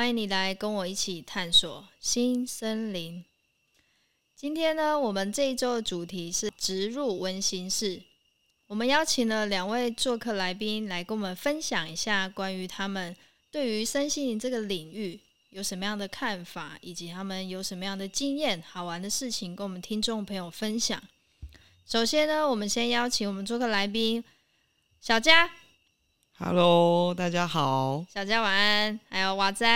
歡迎你來跟我一起探索新森林。今天呢，我們這一周的主題是植入溫心室。我們邀請了兩位作客來賓來跟我們分享一下關於他們對於身心靈這個領域有什麼樣的看法，以及他們有什麼樣的經驗、好玩的事情跟我們聽眾朋友分享。首先呢，我們先邀請我們作客來賓小珈。Hello，大家好，小珈晚安，還有娃仔，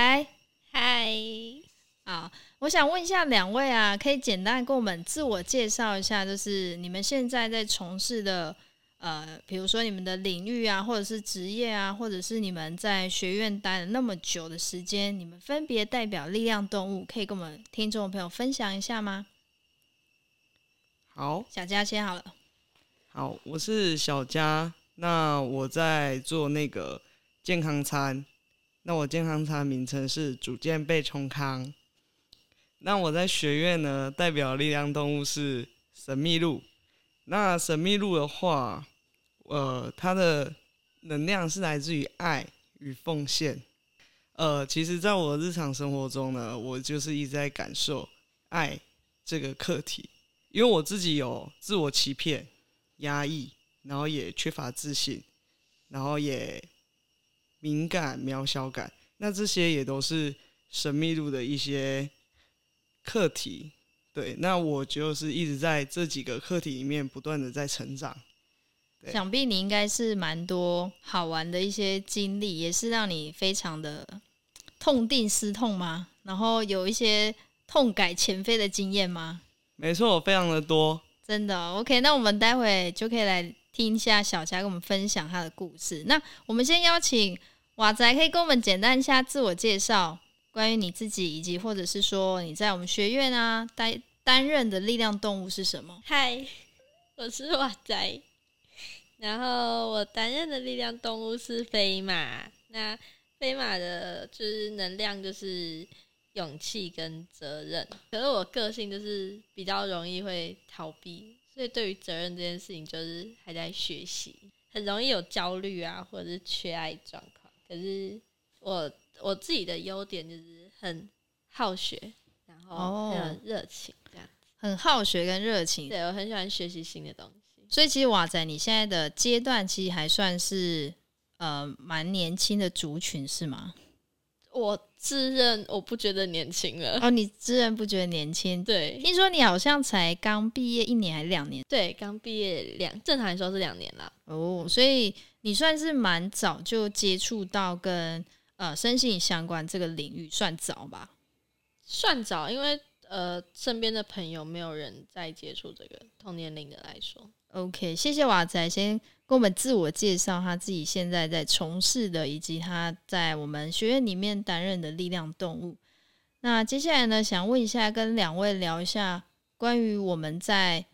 嗨，Hi 好，我想問一下兩位啊，可以簡單給我們自我介紹一下，就是你們現在在從事的，呃，比如說你們的領域啊，或者是職業啊，或者是你們在學院待了那麼久的時間，你們分別代表力量動物，可以跟我們聽眾朋友分享一下嗎？好，小珈先好了，好，我是小珈。那我在做那個健康餐，那我健康餐名稱是逐漸被充康。那我在學院呢，代表力量動物是神秘鹿。那神秘鹿的話，呃，它的能量是來自於愛與奉獻。呃，其實，在我的日常生活中呢，我就是一直在感受愛這個課題，因為我自己有自我欺騙、壓抑。然後也缺乏自信，然後也敏感渺小感，那這些也都是神秘鹿的一些課題。對，那我就是一直在這幾個課題裡面不斷的在成長。想必你應該是蠻多好玩的一些經歷，也是讓你非常的痛定思痛嗎？然後有一些痛改前非的經驗嗎？沒錯，非常的多。真的 OK，那我們待會就可以來。聽一下小霞跟我們分享他的故事。那我們先邀請瓦仔，可以跟我們簡單一下自我介紹，關於你自己，以及或者是說你在我們學院啊擔擔任的力量動物是什麼？嗨，我是瓦仔，然後我擔任的力量動物是飛馬。那飛馬的就是能量就是勇氣跟責任，可是我個性就是比較容易會逃避。所以，對於責任這件事情，就是還在學習，很容易有焦慮啊，或者是缺愛狀況。可是我，我我自己的優點就是很好學，然後很熱情這樣。哦，很好學跟熱情。對，我很喜歡學習新的東西。所以，其實娃仔，你現在的階段其實還算是呃蠻年輕的族群，是嗎？我。自認我不覺得年輕了哦，你自認不覺得年輕？對，聽說你好像才剛畢業一年還是兩年？對，剛畢業兩，正常來說是兩年啦。哦，所以你算是蠻早就接觸到跟呃身心相關這個領域，算早吧？算早，因為呃身邊的朋友沒有人在接觸這個同年齡的來說。OK，謝謝娃仔先。跟我們自我介紹，他自己現在在從事的，以及他在我們學院裡面擔任的力量動物。那接下來呢，想問一下，跟兩位聊一下關於我們在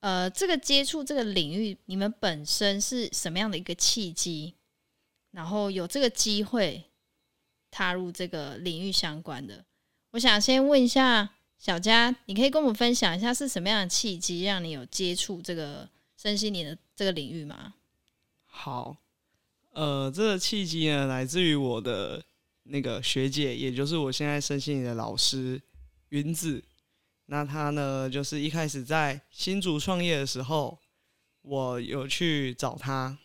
呃這個接觸這個領域，你們本身是什麼樣的一個契機，然後有這個機會踏入這個領域相關的。我想先問一下小珈，你可以跟我們分享一下是什麼樣的契機讓你有接觸這個？身心靈的這個領域嗎？好，呃，這個契機呢，來自於我的那個學姐，也就是我現在身心靈的老師芸子。那她呢，就是一開始在新竹創業的時候，我有去找她，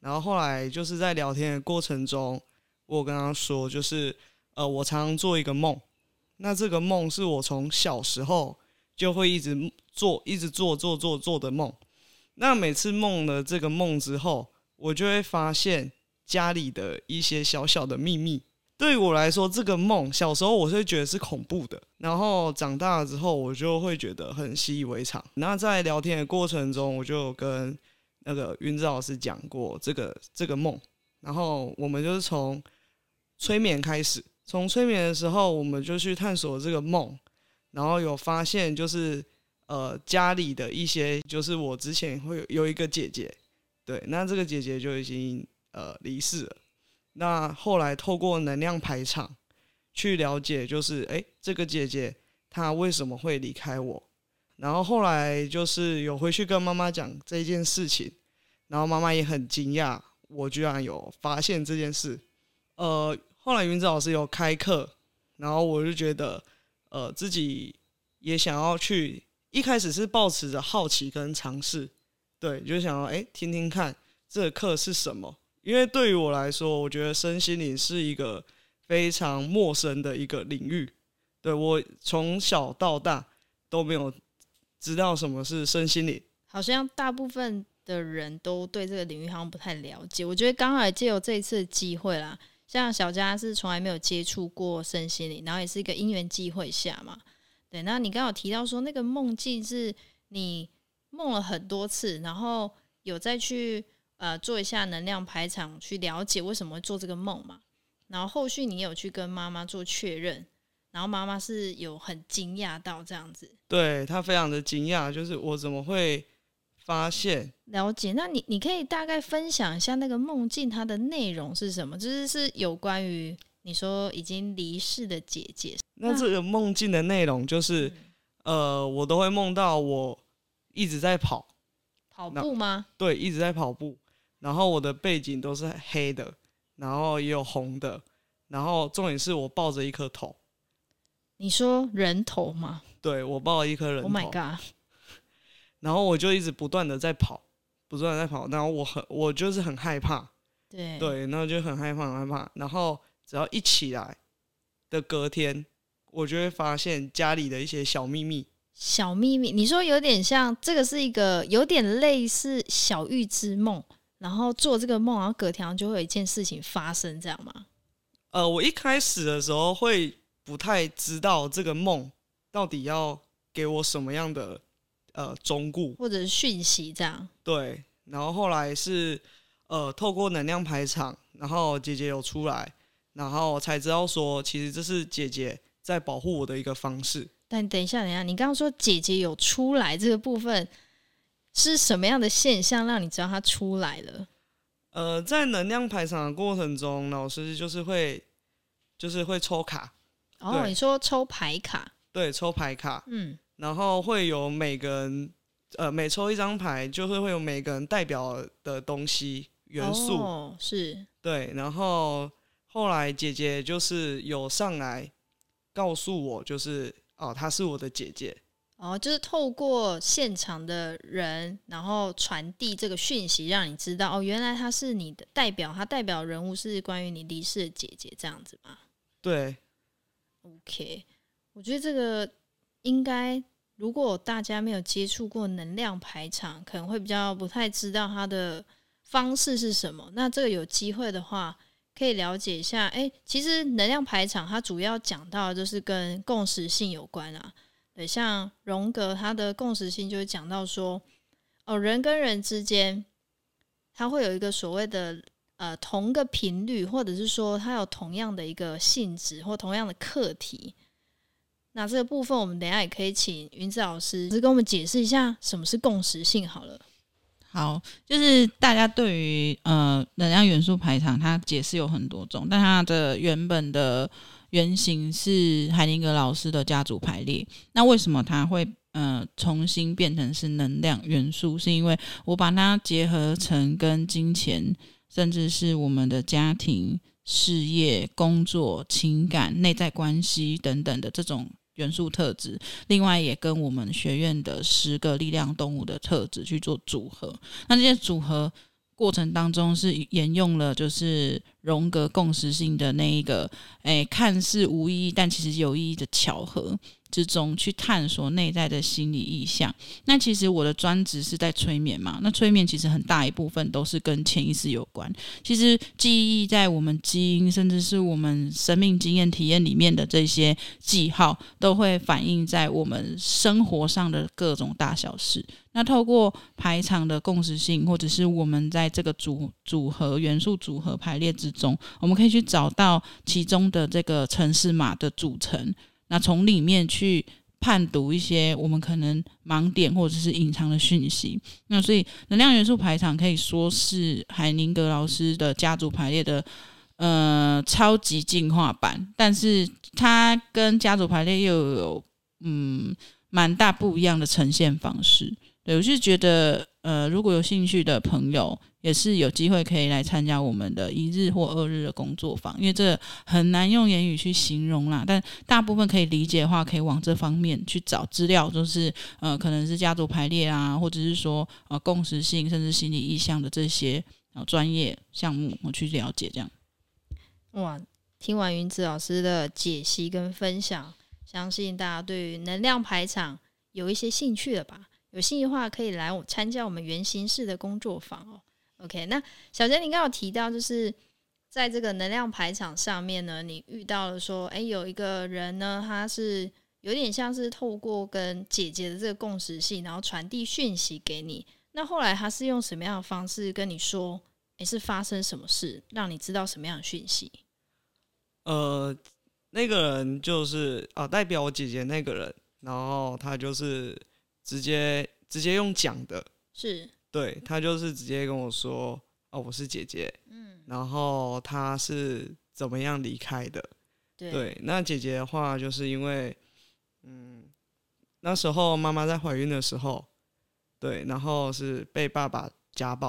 然後後來就是在聊天的過程中，我跟她說，就是呃，我常常做一個夢，那這個夢是我從小時候就會一直做，一直做做做做的夢。那每次夢了這個夢之後，我就會發現家裡的一些小小的秘密。對於我來說，這個夢小時候我是覺得是恐怖的，然後長大了之後我就會覺得很習以為常。那在聊天的過程中，我就跟那個雲子老師講過這個這個夢，然後我們就是從催眠開始，從催眠的時候我們就去探索這個夢，然後有發現就是。呃，家裡的一些就是我之前會有有一個姐姐，對，那這個姐姐就已經呃離世了。那後來透過能量排場去了解，就是哎、欸，這個姐姐她為什麼會離開我？然後後來就是有回去跟媽媽講這件事情，然後媽媽也很驚訝，我居然有發現這件事。呃，後來云子老師有開課，然後我就覺得呃自己也想要去。一開始是抱持着好奇跟嘗試，對，就想要哎、欸、聽聽看這課、個、是什麼。因為對於我來說，我覺得身心靈是一個非常陌生的一個領域。對，我從小到大都沒有知道什麼是身心靈，好像大部分的人都對這個領域好像不太了解。我覺得剛好借由這一次的機會啦，像小珈是從來沒有接觸過身心靈，然後也是一個因緣機會下嘛。對，那你剛好提到說那個夢境是你夢了很多次，然後有再去呃做一下能量排場，去了解為什麼會做這個夢嘛？然後後續你有去跟媽媽做確認，然後媽媽是有很驚訝到這樣子，對她非常的驚訝，就是我怎麼會發現。了解，那你你可以大概分享一下那個夢境它的內容是什麼？就是是有關於。你說已經離世的姐姐，那這個夢境的內容就是，嗯、呃，我都會夢到我一直在跑，跑步嗎？對，一直在跑步。然後我的背景都是黑的，然後也有紅的，然後重點是我抱着一顆頭。你說人頭嗎？對，我抱了一顆人頭。Oh my god！然後我就一直不斷的在跑，不斷地在跑。然後我很，我就是很害怕。對對，然後就很害怕，很害怕。然後。只要一起來的隔天，我就會發現家裡的一些小秘密。小秘密，你說有點像這個是一個有點類似小預知夢，然後做這個夢，然後隔天就會有一件事情發生，這樣嗎？呃，我一開始的時候會不太知道這個夢到底要給我什麼樣的呃忠告或者是訊息，這樣。對，然後後來是呃透過能量排場，然後姐姐有出來。然後才知道說，其實這是姐姐在保護我的一個方式。但等一下，等一下，你剛剛說姐姐有出來這個部分，是什麼樣的現象讓你知道她出來了？呃，在能量排場的過程中，老師就是會，就是會抽卡。哦，你說抽牌卡？對，抽牌卡。嗯，然後會有每個人，呃，每抽一張牌，就是會有每個人代表的東西、元素。哦，是。對，然後。後來姐姐就是有上來告訴我，就是哦，她是我的姐姐。哦，就是透過現場的人，然後傳遞這個訊息，讓你知道哦，原來她是你的代表，她代表人物是關於你離世的姐姐這樣子嗎？對。OK，我覺得這個應該，如果大家沒有接觸過能量排場，可能會比較不太知道她的方式是什麼。那這個有機會的話。可以了解一下，哎、欸，其實能量排場它主要講到的就是跟共時性有關啊。對，像榮格他的共時性就是講到說，哦，人跟人之間他會有一個所謂的呃同個頻率，或者是說他有同樣的一個性質或同樣的課題。那這個部分我們等一下也可以請芸子老師只是跟我們解釋一下什麼是共時性好了。好，就是大家對於呃能量元素排場，它解釋有很多種，但它的原本的原型是海靈格老師的家族排列。那為什麼它會呃重新變成是能量元素？是因為我把它結合成跟金錢，甚至是我們的家庭、事業、工作、情感、內在關係等等的這種。元素特質，另外也跟我們學院的十個力量動物的特質去做組合，那這些組合，過程當中是沿用了就是榮格共時性的那一個，哎，看似無意義但其實有意義的巧合之中去探索內在的心理意象。那其實我的專職是在催眠嘛，那催眠其實很大一部分都是跟潛意識有關。其實記憶在我們基因甚至是我們生命經驗體驗裡面的這些記號，都會反映在我們生活上的各種大小事。那透過排場的共識性，或者是我們在這個組組合元素組合排列之中，我們可以去找到其中的這個程式碼的組成。那從裡面去判讀一些我們可能盲點或者是隱藏的訊息。那所以能量元素排場可以說是海寧格老師的家族排列的呃超級進化版，但是它跟家族排列又有嗯蠻大不一樣的呈現方式。對，我是覺得，呃，如果有興趣的朋友，也是有機會可以來參加我們的一日或二日的工作坊，因為這很難用言語去形容啦。但大部分可以理解的話，可以往這方面去找資料，就是，呃，可能是家族排列啊，或者是說，呃，共識性，甚至心理意向的這些，呃專業項目，我去了解這樣。哇，聽完芸子老師的解析跟分享，相信大家對於能量排場有一些興趣了吧？有興趣的話，可以來我參加我們源形式的工作坊哦。OK，那小珈，你剛有提到，就是在這個能量排場上面呢，你遇到了說，哎、欸，有一個人呢，他是有點像是透過跟姐姐的這個共識性，然後傳遞訊息給你。那後來他是用什麼樣的方式跟你說？誒、欸，是發生什麼事，讓你知道什麼樣的訊息？呃，那個人就是啊，代表我姐姐那個人，然後他就是。直接直接用講的是，對，他就是直接跟我說，哦，我是姐姐，嗯，然後他是怎麼樣離開的，對，對，那姐姐的話就是因為，嗯，那時候媽媽在懷孕的時候，對，然後是被爸爸家暴，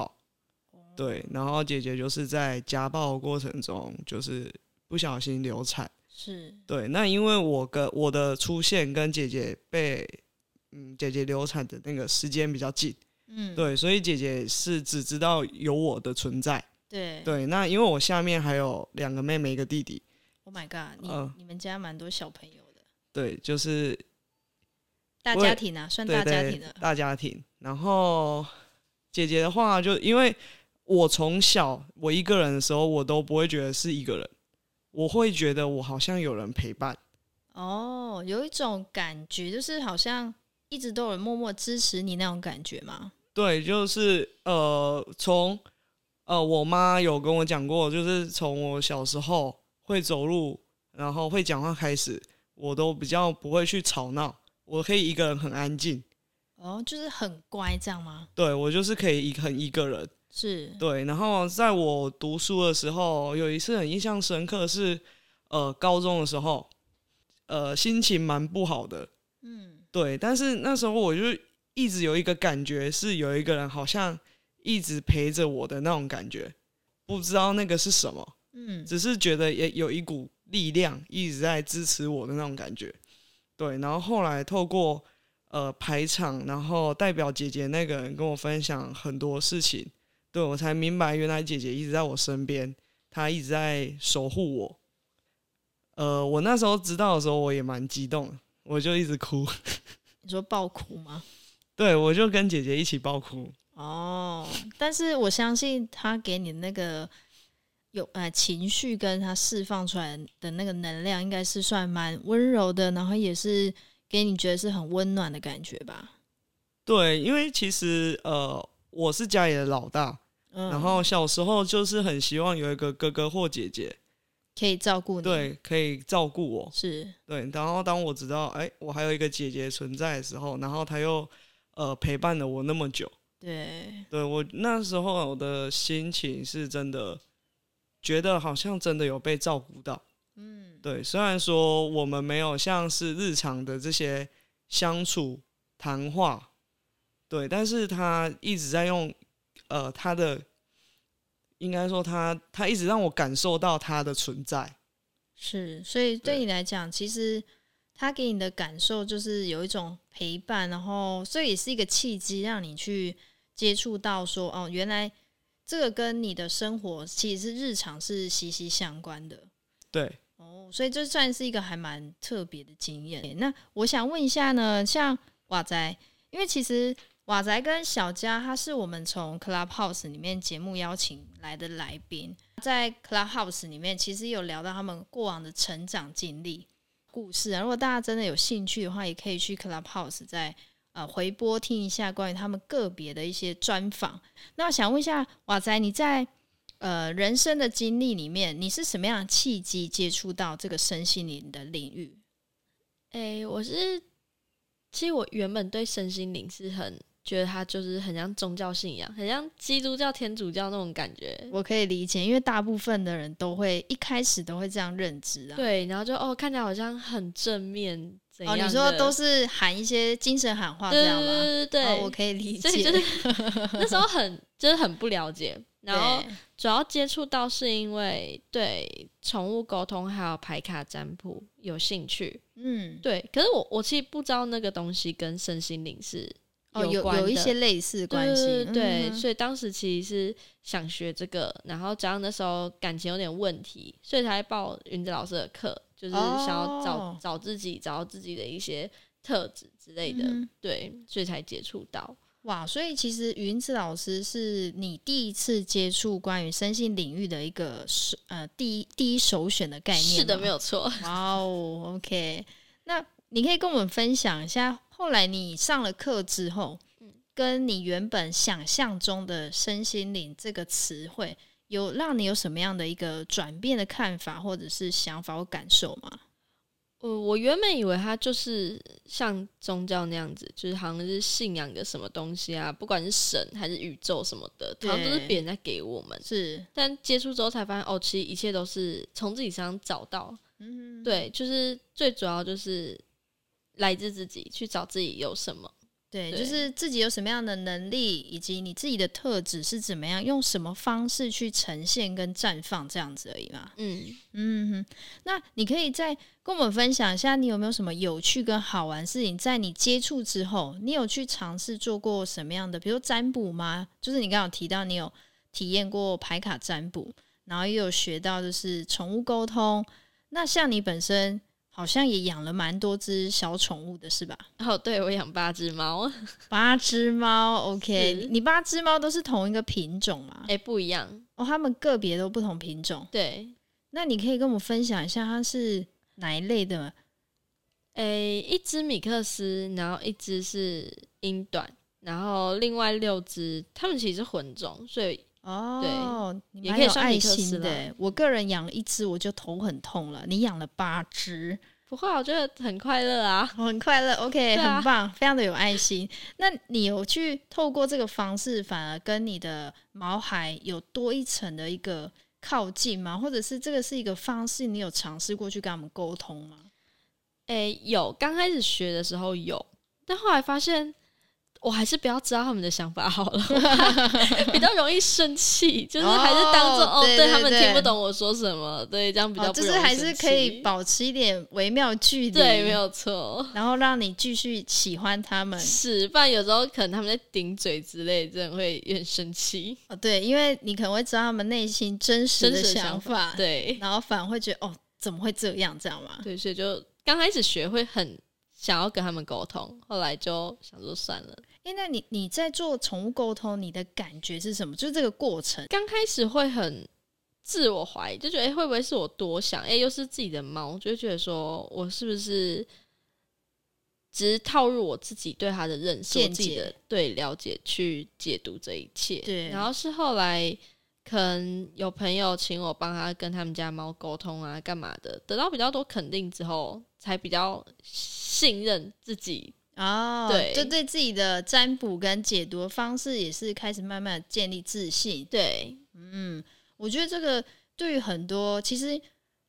哦，對，然後姐姐就是在家暴過程中就是不小心流產，是，對，那因為我跟我的出現跟姐姐被嗯，姐姐流產的那個時間比較近，嗯，對，所以姐姐是只知道有我的存在，對對。那因為我下面還有兩個妹妹，一個弟弟。Oh my god！你、呃、你們家蠻多小朋友的。對，就是大家庭啊，我算大家庭的大家庭。然後姐姐的話就，就因為我從小我一個人的時候，我都不會覺得是一個人，我會覺得我好像有人陪伴。哦，有一種感覺，就是好像。一直都有默默支持你那種感覺嗎？對，就是呃，從呃，我媽有跟我講過，就是從我小時候會走路，然後會講話開始，我都比較不會去吵鬧，我可以一個人很安靜。哦，就是很乖這樣嗎？對，我就是可以一很一個人。是。對，然後在我讀書的時候，有一次很印象深刻是，是呃，高中的時候，呃，心情蠻不好的。嗯。對，但是那時候我就一直有一個感覺，是有一個人好像一直陪着我的那種感覺，不知道那個是什麼，嗯，只是覺得也有一股力量一直在支持我的那種感覺。對，然後後來透過呃排場，然後代表姐姐那個人跟我分享很多事情，對，我才明白原來姐姐一直在我身邊，她一直在守護我。呃，我那時候知道的時候，我也蠻激動。我就一直哭，你說爆哭嗎？ 對，我就跟姐姐一起爆哭。哦，但是我相信他給你那個，有呃情緒跟他釋放出來的那個能量，應該是算蠻溫柔的，然後也是給你覺得是很溫暖的感覺吧。對，因為其實呃，我是家裡的老大，嗯，然後小時候就是很希望有一個哥哥或姐姐。可以照顧，對，可以照顧我，是對。然後當我知道，哎，我還有一個姐姐存在的時候，然後她又呃陪伴了我那麼久，對，對我那時候我的心情是真的覺得好像真的有被照顧到，嗯，對。雖然說我們沒有像是日常的這些相處談話，對，但是她一直在用呃她的。應該說他，他他一直讓我感受到他的存在。是，所以對你來講，對其實他給你的感受就是有一種陪伴，然後這也是一個契機，讓你去接觸到說，哦，原來這個跟你的生活其實是日常是息息相關的。對，哦，所以這算是一個還蠻特別的經驗。那我想問一下呢，像娃仔，因為其實。娃仔跟小珈，他是我們從 Clubhouse 裡面節目邀請來的來賓，在 Clubhouse 裡面其實有聊到他們過往的成長經歷故事啊。如果大家真的有興趣的話，也可以去 Clubhouse 再呃回播聽一下關於他們個別的一些專訪。那我想問一下娃仔，你在呃人生的經歷裡面，你是什麼樣的契機接觸到這個身心靈的領域？哎、欸，我是，其實我原本對身心靈是很。覺得他就是很像宗教信仰，很像基督教、天主教那種感覺。我可以理解，因為大部分的人都會一開始都會這樣認知啊。對，然後就哦，看起來好像很正面這樣。哦，你說都是喊一些精神喊話這樣嗎？對對，對,對，哦，我可以理解。就是、那時候很就是很不了解，然後主要接觸到是因為對寵物溝通還有牌卡占卜有興趣。嗯，對。可是我我其實不知道那個東西跟身心靈是。有有，有一些類似關係，對，嗯、哼所以當時其實是想學這個，然後加上那時候感情有點問題，所以才報芸子老師的課，就是想要找，哦、找自己，找到自己的一些特質之類的，嗯、對，所以才接觸到。哇，所以其實芸子老師是你第一次接觸關於身心領域的一個首，呃，第一第一首選的概念？是的，沒有錯。哦。哇哦，OK， 那你可以跟我們分享一下，後來你上了課之後，跟你原本想象中的身心靈這個詞彙，有讓你有什麼樣的一個轉變的看法，或者是想法或感受嗎？呃，我原本以為它就是像宗教那樣子，就是好像是信仰的什麼東西啊，不管是神還是宇宙什麼的，它好像都是別人在給我們對是。但接觸之後才發現，哦，其實一切都是從自己身上找到。嗯哼，對，就是最主要就是。來自自己去找自己有什麼？對，對就是自己有什麼樣的能力，以及你自己的特質是怎麼樣，用什麼方式去呈現跟綻放這樣子而已嘛。嗯嗯，那你可以再跟我們分享一下，你有沒有什麼有趣跟好玩的事情？在你接觸之後，你有去嘗試做過什麼樣的？比如占卜嗎？就是你剛剛有提到你有體驗過牌卡占卜，然後又有學到就是寵物溝通。那像你本身。好像也養了蠻多隻小寵物的是吧？哦，對我養八隻貓， 八隻貓。OK，是你八隻貓都是同一個品種嗎？誒、欸，不一樣哦，它們個別都不同品種。對，那你可以跟我們分享一下它是哪一類的嗎？誒、欸，一隻米克斯，然後一隻是英短，然後另外六只它們其實是混種，所以。哦，對，也可以有愛心的，欸。你我個人養了一只，我就頭很痛了。你養了八只，不會、啊？我覺得很快樂啊，我、哦、很快樂。OK、啊、很棒，非常的有愛心。那你有去透過這個方式，反而跟你的毛孩有多一層的一個靠近嗎？或者是這個是一個方式，你有嘗試過去跟他們溝通嗎？誒、欸，有剛開始學的時候有，但後來發現。我還是不要知道他們的想法好了， 比較容易生氣，就是還是當做、oh, 哦，對，對，對，對，他們聽不懂我說什麼，對，這樣比較不、哦、就是還是可以保持一點微妙距離，對，沒有錯，然後讓你繼續喜歡他們。是，不然有時候可能他們在頂嘴之類，真的會很生氣。哦，對，因為你可能會知道他們內心真實、真實的想法，對，然後反而會覺得哦，怎麼會這樣？這樣嘛。對，所以就剛開始學會很想要跟他們溝通，後來就想說算了。現在你你在做寵物溝通，你的感覺是什麼？就是這個過程，剛開始會很自我懷疑，就覺得、欸、會不會是我多想？誒、欸，又是自己的貓，就會覺得說，我是不是只是套入我自己對它的認識、見解，自己的對了解去解讀這一切？對。然後是後來可能有朋友請我幫他跟他們家貓溝通啊，幹嘛的，得到比較多肯定之後，才比較信任自己。哦，oh, 對，就對自己的占卜跟解讀方式也是開始慢慢建立自信。對，嗯，我覺得這個對於很多其實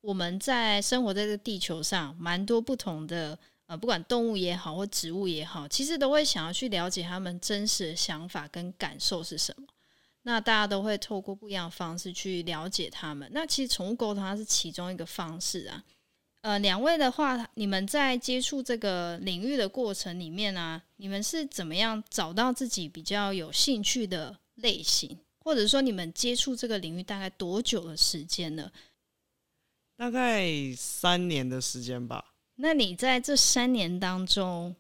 我們在生活在這個地球上，蠻多不同的呃，不管動物也好或植物也好，其實都會想要去了解他們真實的想法跟感受是什麼。那大家都會透過不一樣的方式去了解他們。那其實寵物溝通它是其中一個方式啊。呃，兩位的話，你們在接觸這個領域的過程裡面呢、啊，你們是怎麼樣找到自己比較有興趣的類型？或者說，你們接觸這個領域大概多久的時間呢？大概三年的時間吧。那你在這三年當中，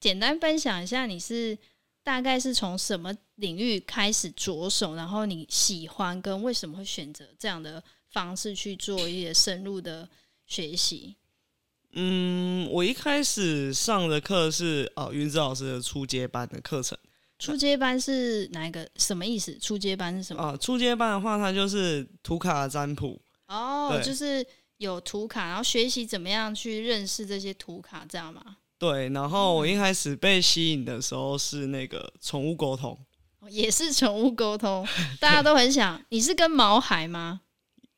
簡單分享一下，你是大概是從什麼領域開始着手？然後你喜歡跟為什麼會選擇這樣的方式去做一些深入的？ 學習，嗯，我一開始上的課是哦芸子老師的初階班的課程。初階班是哪一個？什麼意思？初階班是什麼？啊，初階班的話，它就是圖卡的占卜。哦，對就是有圖卡，然後學習怎麼樣去認識這些圖卡，這樣嗎？對。然後我一開始被吸引的時候是那個寵物溝通、嗯哦，也是寵物溝通，大家都很想。對你是跟毛孩嗎？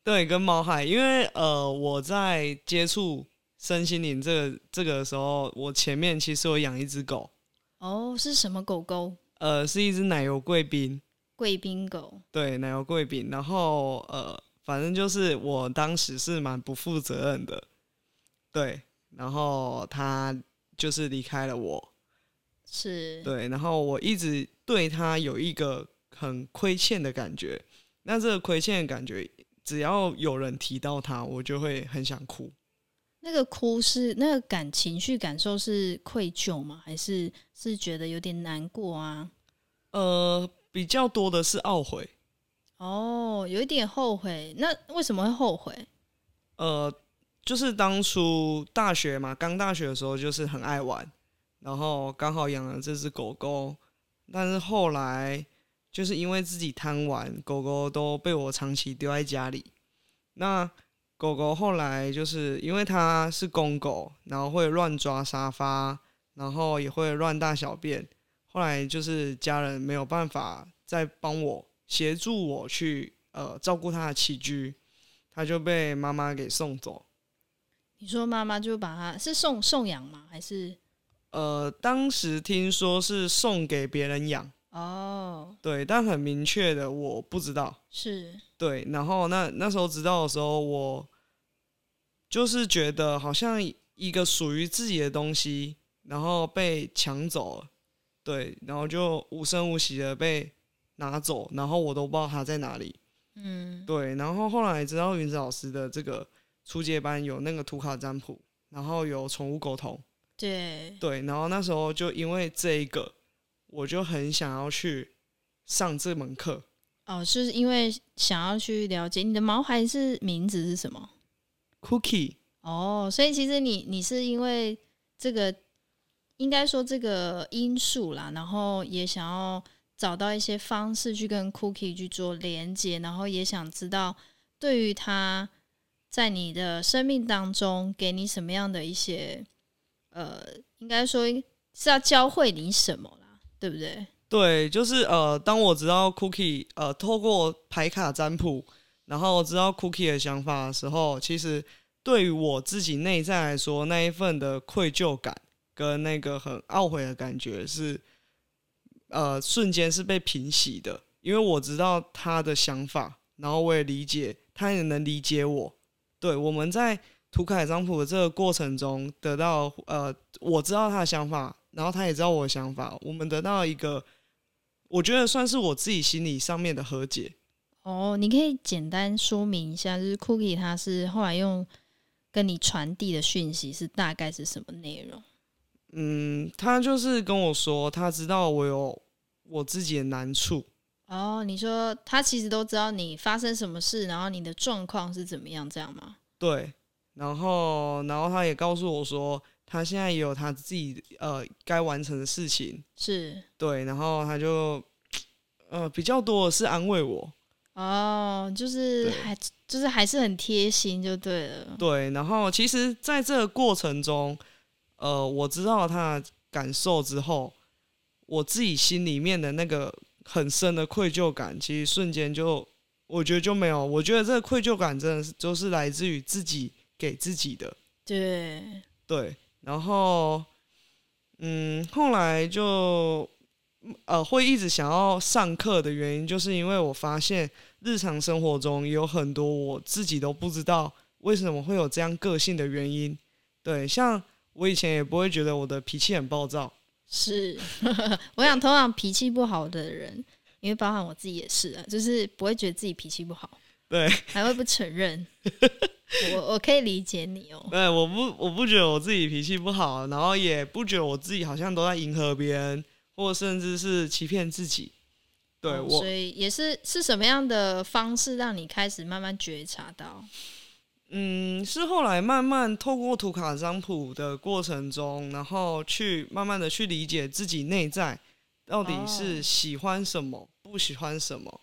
對，跟貓海，因為呃，我在接觸身心靈這個這個的時候，我前面其實我養一隻狗。哦，是什麼狗狗？呃，是一隻奶油貴賓。貴賓狗。對，奶油貴賓。然後呃，反正就是我當時是蠻不負責任的。對，然後它就是離開了我。是。對，然後我一直對它有一個很虧欠的感覺。那這個虧欠的感覺。只要有人提到它，我就會很想哭。那個哭是那個感情緒感受是愧疚嗎？還是是覺得有點難過啊？呃，比較多的是懊悔。哦，有一點後悔。那為什麼會後悔？呃，就是當初大學嘛，剛大學的時候就是很愛玩，然後剛好養了這只狗狗，但是後來。就是因為自己貪玩，狗狗都被我長期丟在家裡。那狗狗後來就是因為它是公狗，然後會亂抓沙發，然後也會亂大小便。後來就是家人沒有辦法再幫我協助我去呃照顧它的起居，它就被媽媽給送走。你說媽媽就把它是送送養嗎？還是？呃，當時聽說是送給別人養？哦，oh, 對，但很明確的，我不知道是，對，然後那那時候知道的時候，我就是覺得好像一個屬於自己的東西，然後被搶走了，對，然後就無聲無息的被拿走，然後我都不知道它在哪裡，嗯，對，然後後來知道芸子老師的這個初階班有那個圖卡占卜，然後有寵物溝通，對，對，然後那時候就因為這一個。我就很想要去上這門課哦，就是因為想要去了解，你的毛孩是，名字是什麼？Cookie 哦，所以其實你你是因為這個，應該說這個因素啦，然後也想要找到一些方式去跟 Cookie 去做連接，然後也想知道對於他在你的生命當中給你什麼樣的一些，呃，應該說是要教會你什麼啦。對不對？對，就是呃，當我知道 Cookie 呃，透過牌卡占卜，然後知道 Cookie 的想法的時候，其實對於我自己內在來說，那一份的愧疚感跟那個很懊悔的感覺是呃，瞬間是被平息的，因為我知道他的想法，然後我也理解，他也能理解我。對，我們在圖卡占卜的這個過程中得到呃，我知道他的想法。然後他也知道我的想法，我們得到一個，我覺得算是我自己心理上面的和解。哦，你可以簡單說明一下，就是 Cookie 他是後來用跟你傳遞的訊息是大概是什麼內容？嗯，他就是跟我說他知道我有我自己的難處。哦，你說他其實都知道你發生什麼事，然後你的狀況是怎麼樣，這樣嗎？對，然後然後他也告訴我說。他現在也有他自己呃該完成的事情，是對，然後他就呃比較多的是安慰我，哦，就是還對就是還是很貼心，就對了。對，然後其實，在這個過程中，呃，我知道他感受之後，我自己心裡面的那個很深的愧疚感，其實瞬間就我覺得就沒有，我覺得這個愧疚感真的是都是來自於自己給自己的，對對。對然後，嗯，後來就，呃，會一直想要上課的原因，就是因為我發現日常生活中有很多我自己都不知道為什麼會有這樣個性的原因。對，像我以前也不會覺得我的脾氣很暴躁。是，呵呵，我想通常脾氣不好的人，對因為包含我自己也是啊，就是不會覺得自己脾氣不好。對，還會不承認？ 我我可以理解你哦、喔。對，我不，我不覺得我自己脾氣不好，然後也不覺得我自己好像都在迎合別人，或甚至是欺騙自己。對、哦、我，所以也是是什麼樣的方式讓你開始慢慢覺察到？嗯，是後來慢慢透過圖卡商譜的過程中，然後去慢慢的去理解自己內在到底是喜歡什麼，哦、不喜歡什麼，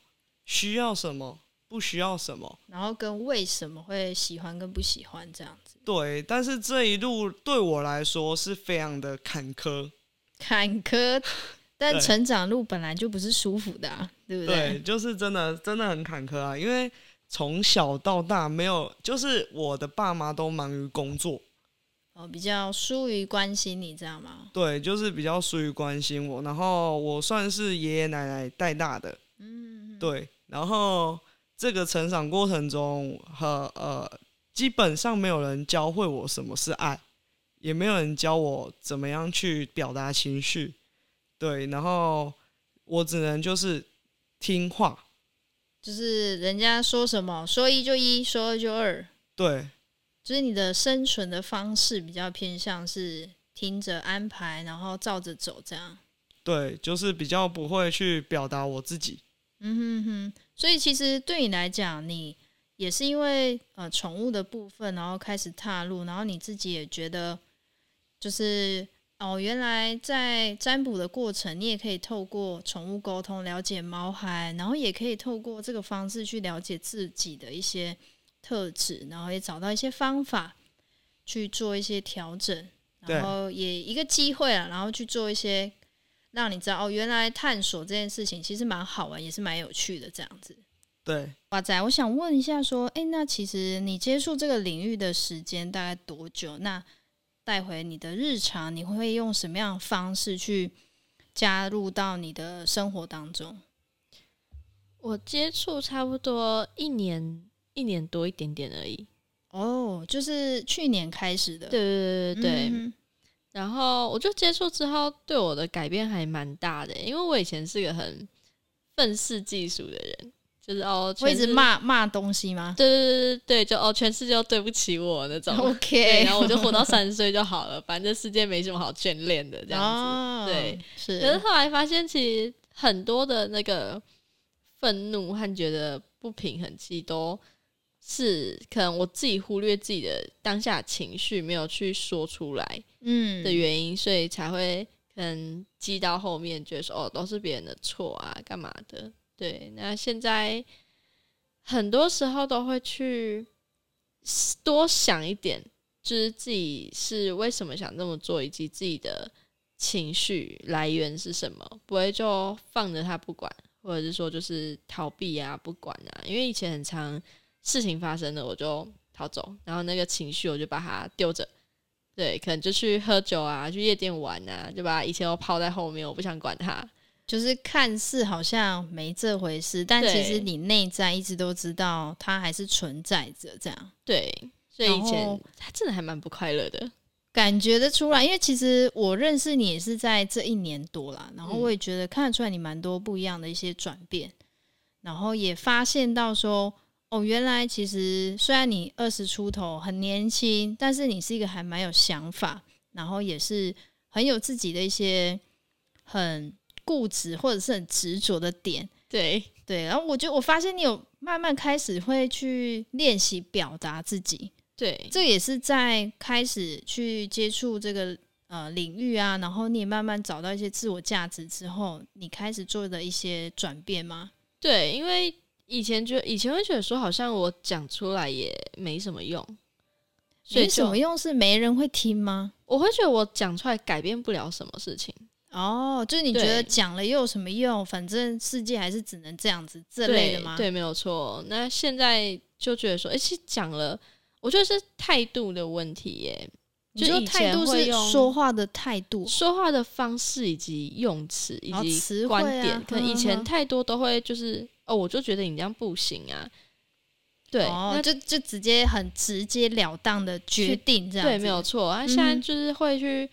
需要什麼。不需要什麼，然後跟為什麼會喜歡跟不喜歡這樣子。對，但是這一路對我來說是非常的坎坷，坎坷。但成長路本來就不是舒服的啊， 對，對不對？對，就是真的真的很坎坷啊！因為從小到大沒有，就是我的爸媽都忙於工作，哦，比較疏於關心，你知道嗎？對，就是比較疏於關心我。然後我算是爺爺奶奶帶大的，嗯哼，對，然後。這個成長過程中，和呃，基本上沒有人教會我什麼是愛，也沒有人教我怎麼樣去表達情緒，對，然後我只能就是聽話，就是人家說什麼說一就一，說二就二，對，就是你的生存的方式比較偏向是聽着安排，然後照着走這樣，對，就是比較不會去表達我自己，嗯哼哼。所以其實對你來講，你也是因為呃寵物的部分，然後開始踏入，然後你自己也覺得就是哦，原來在占卜的過程，你也可以透過寵物溝通了解毛孩，然後也可以透過這個方式去了解自己的一些特質，然後也找到一些方法去做一些調整，然後也一個機會啊，然後去做一些。讓你知道哦，原來探索這件事情其實蠻好玩，也是蠻有趣的這樣子。對，娃仔，我想問一下，說，哎，那其實你接觸這個領域的時間大概多久？那帶回你的日常，你會用什麼樣的方式去加入到你的生活當中？我接觸差不多一年，一年多一點點而已。哦，就是去年開始的。對對對對對、嗯哼哼。然後我就接觸之後，對我的改變還蠻大的，因為我以前是個很憤世嫉俗的人，就是哦，是我一直罵罵東西嘛，對對對對對，就哦，全世界都對不起我那種。OK，然後我就活到三十歲就好了， 反正世界沒什麼好眷戀的這樣子。Oh, 對，是。可是後來發現，其實很多的那個憤怒和覺得不平衡，氣都。是可能我自己忽略自己的當下情緒，沒有去說出來的原因，嗯、所以才會可能積到後面，覺得說哦都是別人的錯啊，幹嘛的？對，那現在很多時候都會去多想一點，就是自己是為什麼想那麼做，以及自己的情緒來源是什麼，不會就放着他不管，或者是說就是逃避啊，不管啊，因為以前很常。事情發生了，我就逃走，然後那個情緒我就把它丟着，對，可能就去喝酒啊，去夜店玩啊，就把以前都拋在後面，我不想管他，就是看似好像沒這回事，但其實你內在一直都知道，它還是存在着這樣，對，所以以前然後他真的還蠻不快樂的，感覺得出來，因為其實我認識你也是在這一年多了，然後我也覺得看得出來你蠻多不一樣的一些轉變，然後也發現到說。哦，原來其實雖然你二十出頭很年輕，但是你是一個還蠻有想法，然後也是很有自己的一些很固執或者是很執着的點。對對，然後我就我發現你有慢慢開始會去練習表達自己。對，這也是在開始去接觸這個呃領域啊，然後你也慢慢找到一些自我價值之後，你開始做的一些轉變嗎？對，因為。以前就以前會覺得說，好像我講出來也沒什麼用，所以沒什麼用是沒人會聽嗎？我會覺得我講出來改變不了什麼事情。哦，就你覺得講對了又有什麼用？反正世界還是只能這樣子這類的嗎？對,對，沒有錯。那現在就覺得說，欸、其實講了，我覺得是態度的問題耶。就態度是說話的態度，說,態度說話的方式以及用詞以及詞、啊、觀點，可能以前太多都會就是。哦，我就覺得你這樣不行啊，對，哦、那就就直接很直截了當的決定這樣，對，沒有錯啊，嗯哼，那現在就是會去，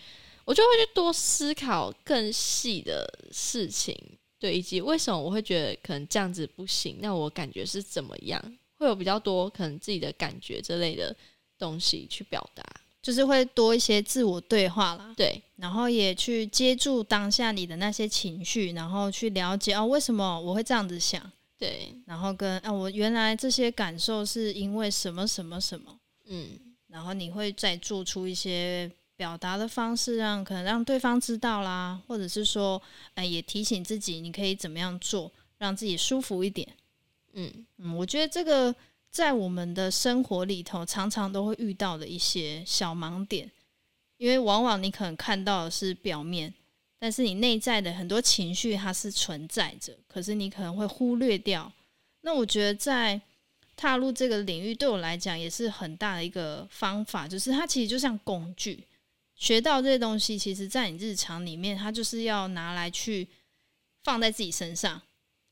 我就會去多思考更細的事情，對，以及為什麼我會覺得可能這樣子不行，那我感覺是怎麼樣，會有比較多可能自己的感覺之類的東西去表達，就是會多一些自我對話啦，對，然後也去接住當下你的那些情緒，然後去了解哦，為什麼我會這樣子想。對，然後跟啊，我原來這些感受是因為什麼什麼什麼，嗯，然後你會再做出一些表達的方式讓，讓可能讓對方知道啦，或者是說，哎、欸，也提醒自己你可以怎麼樣做，讓自己舒服一點，嗯嗯，我覺得這個在我們的生活裡頭常常都會遇到的一些小盲點，因為往往你可能看到的是表面。但是你內在的很多情緒它是存在着，可是你可能會忽略掉。那我覺得在踏入這個領域，對我來講也是很大的一個方法，就是它其實就像工具，學到這些東西，其實在你日常裡面，它就是要拿來去放在自己身上。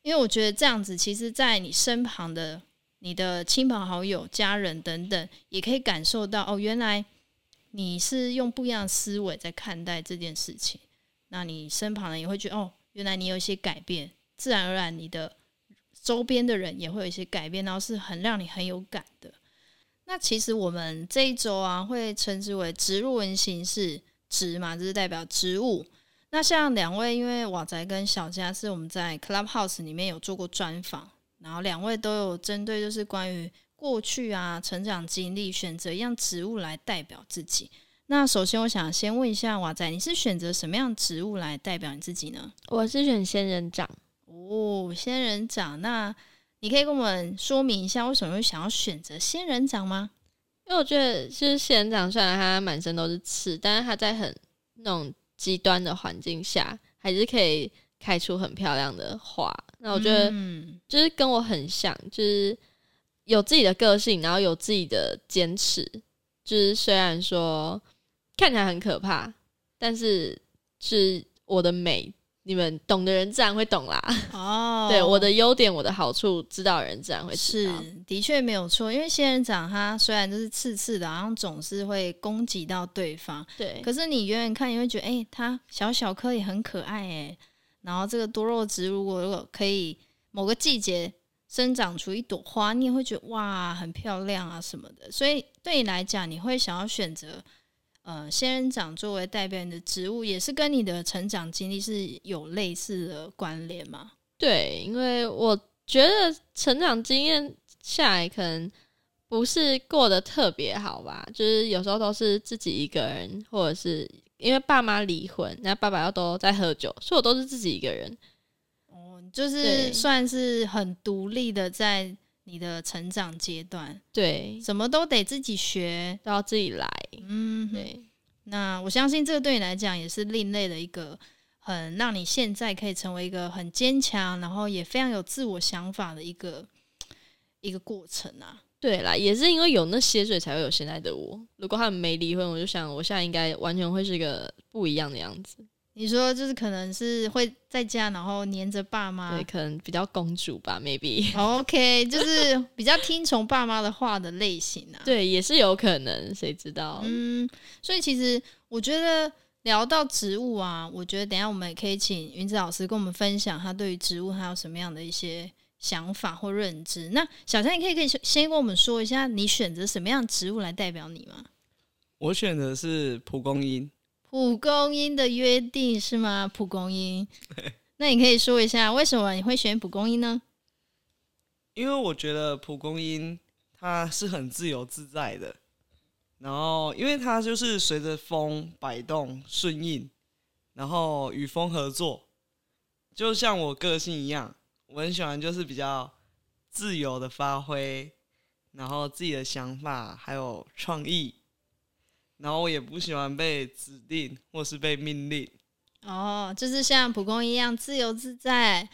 因為我覺得這樣子，其實在你身旁的、你的親朋好友、家人等等，也可以感受到哦，原來你是用不一樣的思維在看待這件事情。那你身旁人也會覺得哦，原來你有一些改變，自然而然你的周邊的人也會有一些改變，然後是很讓你很有感的。那其實我們這一周啊，會稱之為植入溫心室，是植嘛，就是代表植物。那像兩位，因為娃仔跟小珈是我們在 Clubhouse 裡面有做過專訪，然後兩位都有針對就是關於過去啊成長經歷，選擇一樣植物來代表自己。那首先，我想先問一下娃仔，你是選擇什麼樣的植物來代表你自己呢？我是選仙人掌。哦，仙人掌，那你可以跟我們說明一下為什麼會想要選擇仙人掌嗎？因為我覺得，其實仙人掌雖然它滿身都是刺，但是它在很那種極端的環境下，還是可以開出很漂亮的花。那我覺得，嗯，就是跟我很像，就是有自己的個性，然後有自己的堅持，就是雖然說。看起來很可怕，但是是我的美，你們懂的人自然會懂啦。哦，oh. 對，我的優點，我的好處，知道人自然會知道。是，的確沒有錯。因為仙人掌它雖然就是刺刺的，好像總是會攻擊到對方。對，可是你遠遠看，你會覺得，哎、欸，它小小顆也很可愛誒。然後這個多肉植，如果如果可以某個季節生長出一朵花，你也會覺得哇，很漂亮啊什麼的。所以對你來講，你會想要選擇。呃，仙人掌作為代表人的植物，也是跟你的成長經歷是有類似的關聯嗎？對，因為我覺得成長經驗下來，可能不是過得特別好吧，就是有時候都是自己一個人，或者是因為爸媽離婚，然後爸爸又都在喝酒，所以我都是自己一個人。哦、嗯，就是對算是很獨立的在。你的成長階段，對，什麼都得自己學，都要自己來，嗯哼，對。那我相信這個對你來講也是另類的一個，很讓你現在可以成為一個很堅強，然後也非常有自我想法的一個一個過程啊。對啦，也是因為有那些，所以才會有現在的我。如果他們沒離婚，我就想我現在應該完全會是一個不一樣的樣子。你說就是可能是會在家，然後黏着爸媽，對，可能比較公主吧，maybe。OK，就是比較聽從爸媽的話的類型啊。 對，也是有可能，誰知道？嗯，所以其實我覺得聊到植物啊，我覺得等一下我們也可以請芸子老師跟我們分享他對於植物還有什麼樣的一些想法或認知。那小珈你可以可以先先跟我們說一下，你選擇什麼樣的植物來代表你嗎？我選的是蒲公英。蒲公英的約定是嗎？蒲公英， 那你可以說一下為什麼你會選蒲公英呢？因為我覺得蒲公英它是很自由自在的，然後因為它就是隨着風擺動順應，然後與風合作，就像我個性一樣，我很喜歡就是比較自由的發揮，然後自己的想法還有創意。然後我也不喜歡被指定或是被命令。哦，就是像蒲公英一樣自由自在，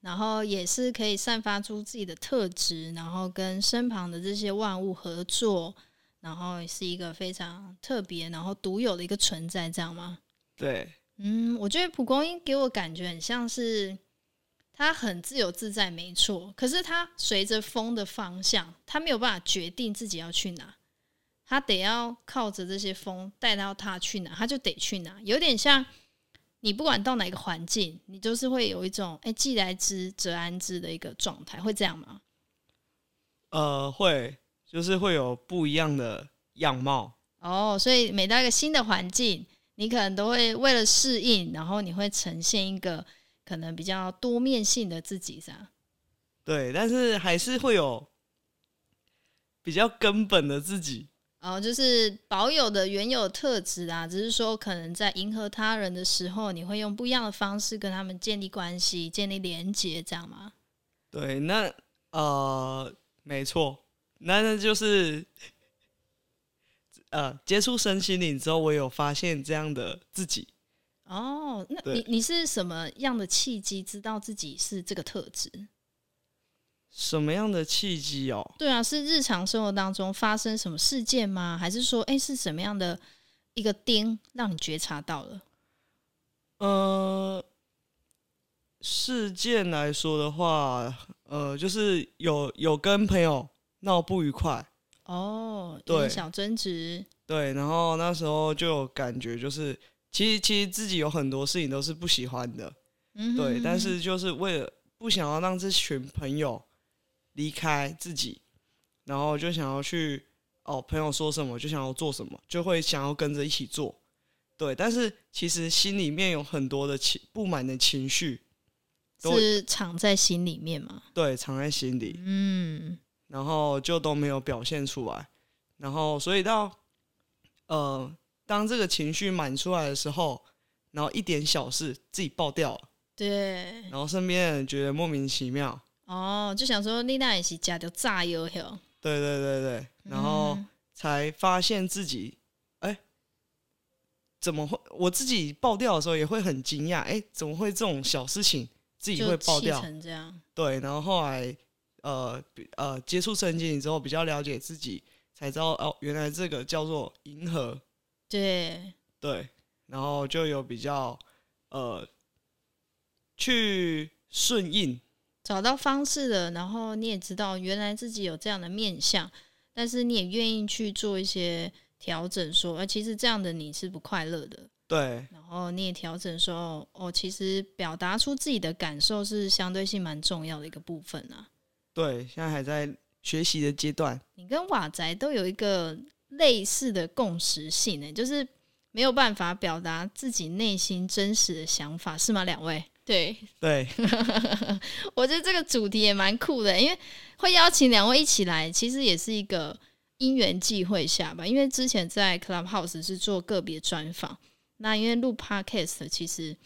然後也是可以散發出自己的特質，然後跟身旁的這些萬物合作，然後是一個非常特別，然後獨有的一個存在，這樣嗎？對，嗯，我覺得蒲公英給我感覺很像是它很自由自在，沒錯。可是它隨着風的方向，它沒有辦法決定自己要去哪。他得要靠着這些風帶到他去哪，他就得去哪。有點像你不管到哪個環境，你都是會有一種“哎，既來之則安之”的一個狀態，會這樣嗎？呃，會，就是會有不一樣的樣貌哦。所以每到一個新的環境，你可能都會為了適應，然後你會呈現一個可能比較多面性的自己，是對，但是還是會有比較根本的自己。然後、哦、就是保有的原有的特質啊，只、就是說可能在迎合他人的時候，你會用不一樣的方式跟他們建立關係、建立連接，這樣嗎？對，那呃，沒錯，那那就是呃，接觸身心靈之後，我有發現這樣的自己。哦，那你對你是什麼樣的契機，知道自己是這個特質？什麼樣的契機哦、喔？對啊，是日常生活當中發生什麼事件嗎？還是說，哎、欸，是什麼樣的一個點讓你覺察到了？呃，事件來說的話，呃，就是有有跟朋友鬧不愉快哦，對，有點小爭執，對，然後那時候就有感覺，就是其實其實自己有很多事情都是不喜歡的，嗯哼嗯哼，對，但是就是為了不想要讓這群朋友離開自己，然後就想要去哦，朋友說什麼就想要做什麼，就會想要跟着一起做。對，但是其實心裡面有很多的情不滿的情緒，都是藏在心裡面嗎？對，藏在心裡。嗯，然後就都沒有表現出來，然後所以到呃，當這個情緒滿出來的時候，然後一點小事自己爆掉了。對，然後身邊人覺得莫名其妙。哦，oh, 就想說你那也是加的炸藥效，對對對對，然後才發現自己，哎、嗯，怎麼會我自己爆掉的時候也會很驚訝？哎，怎麼會這種小事情自己會爆掉？對，然後後來呃呃接觸聖經之後，比較了解自己，才知道哦，原來這個叫做銀河，對對，然後就有比較呃去順應。找到方式了，然後你也知道原來自己有這樣的面向，但是你也願意去做一些調整，說，呃，其實這樣的你是不快樂的。對。然後你也調整說，哦，其實表達出自己的感受是相對性蠻重要的一個部分啊。對，現在還在學習的階段。你跟娃仔都有一個類似的共識性呢、欸，就是沒有辦法表達自己內心真實的想法，是嗎？兩位？對對， 我覺得這個主題也蠻酷的，因為會邀請兩位一起來，其實也是一個因緣際會下吧。因為之前在 Clubhouse 是做個別專訪，那因為錄 Podcast，其實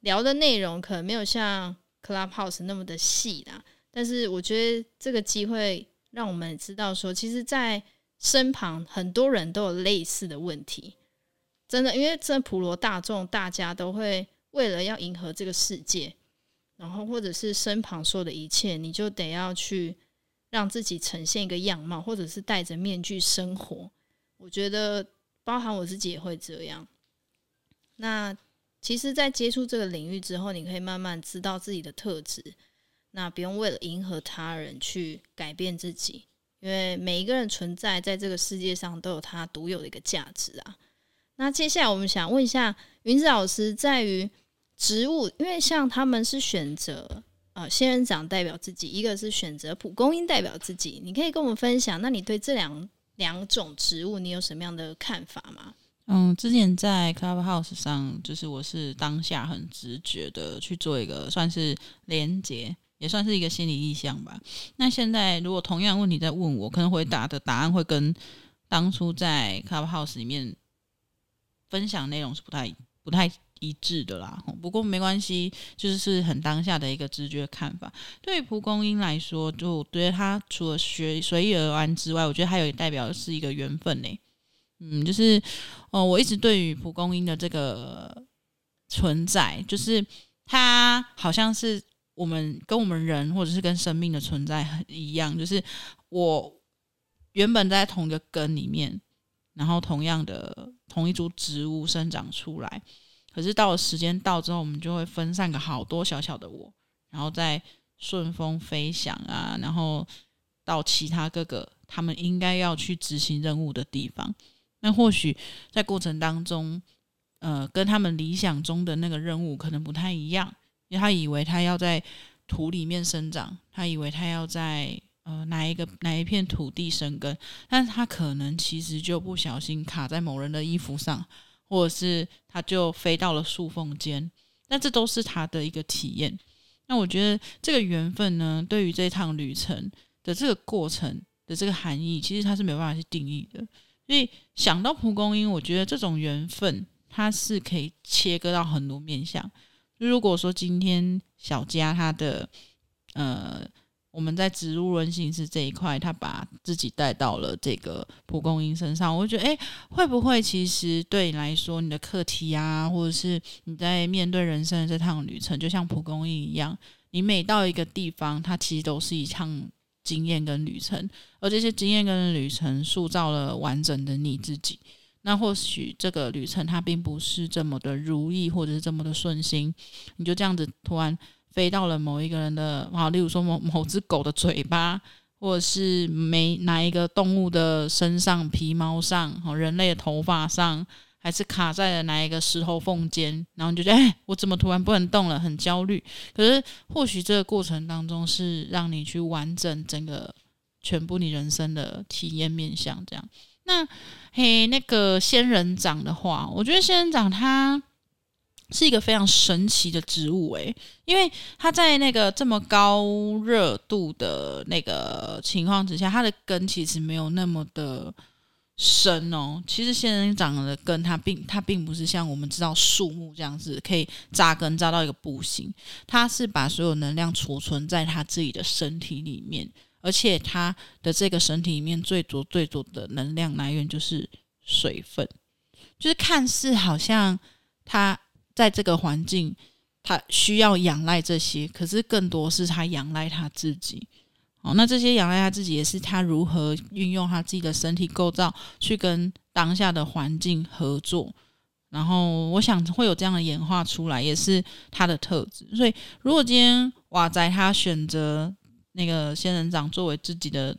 聊的內容可能沒有像 Clubhouse 那麼的細啦。但是我覺得這個機會讓我們知道說，其實，在身旁很多人都有類似的問題，真的，因為在普羅大眾大家都會。為了要迎合這個世界，然後或者是身旁說的一切，你就得要去讓自己呈現一個樣貌，或者是戴着面具生活。我覺得包含我自己也會這樣。那其實，在接觸這個領域之後，你可以慢慢知道自己的特質，那不用為了迎合他人去改變自己，因為每一個人存在在這個世界上都有他獨有的一個價值啊。那接下來，我們想問一下芸子老師，在於。植物，因為像他們是選擇啊，呃，仙人掌代表自己，一個是選擇蒲公英代表自己。你可以跟我們分享，那你對這兩兩種植物你有什麼樣的看法嗎？嗯，之前在 Club House 上，就是我是當下很直覺的去做一個算是連接，也算是一個心理意向吧。那現在如果同樣問題在問我，可能回答的答案會跟當初在 Club House 裡面分享的內容是不太不太一致的啦，不過沒關係，就是很當下的一個直覺看法。對於蒲公英來說，就我覺得它，除了隨隨遇而安之外，我覺得還有代表的是一個緣分呢。嗯，就是哦、呃，我一直對於蒲公英的這個存在，就是它好像是我們跟我們人或者是跟生命的存在很一樣，就是我原本在同一個根裡面，然後同樣的同一株植物生長出來。可是到了時間到之後，我們就會分散個好多小小的我，然後再順風飛翔啊，然後到其他各個他們應該要去執行任務的地方。那或許在過程當中，呃，跟他們理想中的那個任務可能不太一樣，因爲他以爲他要在土裡面生長，他以爲他要在呃哪一個哪一片土地生根，但他可能其實就不小心卡在某人的衣服上。或者是它就飛到了樹縫間，但這都是他的一個體驗。那我覺得這個緣分呢，對於這趟旅程的這個過程的這個含義，其實它是沒有辦法去定義的。所以想到蒲公英，我覺得這種緣分它是可以切割到很多面向。如果說今天小珈她的呃。我們在植入溫心室這一塊，他把自己帶到了這個蒲公英身上。我會覺得，誒，會不會其實對你來說，你的課題啊，或者是你在面對人生的這趟旅程，就像蒲公英一樣，你每到一個地方，它其實都是一趟經驗跟旅程，而這些經驗跟旅程塑造了完整的你自己。那或許這個旅程它並不是這麼的如意，或者是這麼的順心，你就這樣子突然。飛到了某一個人的，啊，例如說某某只狗的嘴巴，或者是沒哪一個動物的身上、皮毛上，哦，人類的頭髮上，還是卡在了哪一個石頭縫間，然後你就覺得，哎，我怎麼突然不能動了，很焦慮。可是或許這個過程當中是讓你去完整整個全部你人生的體驗面向這樣。那嘿，那個仙人掌的話，我覺得仙人掌它。是一個非常神奇的植物誒，因為它在那個這麼高熱度的那個情況之下，它的根其實沒有那麼的深哦。其實仙人掌的根，它並它並不是像我們知道樹木這樣子可以扎根扎到一個不行，它是把所有能量儲存在它自己的身體裡面，而且它的這個身體裡面最多最多的能量來源就是水分，就是看似好像它。在這個環境，他需要仰賴這些，可是更多是他仰賴他自己。哦，那這些仰賴他自己，也是他如何運用他自己的身體構造去跟當下的環境合作。然後，我想會有這樣的演化出來，也是他的特質。所以，如果今天娃仔他選擇那個仙人掌作為自己的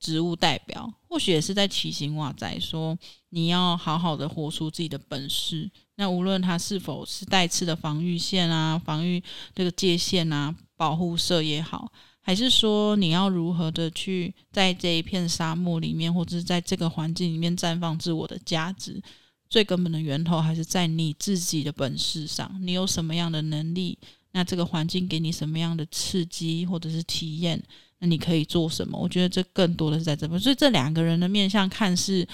植物代表，或許也是在提醒娃仔說：你要好好的活出自己的本事。那無論它是否是帶刺的防禦線啊，防禦這個界限啊，保護色也好，還是說你要如何的去在這一片沙漠裡面，或者是在這個環境裡面綻放自我的價值，最根本的源頭還是在你自己的本事上。你有什麼樣的能力？那這個環境給你什麼樣的刺激或者是體驗？那你可以做什麼？我覺得這更多的是在這邊，所以這兩個人的面相看是。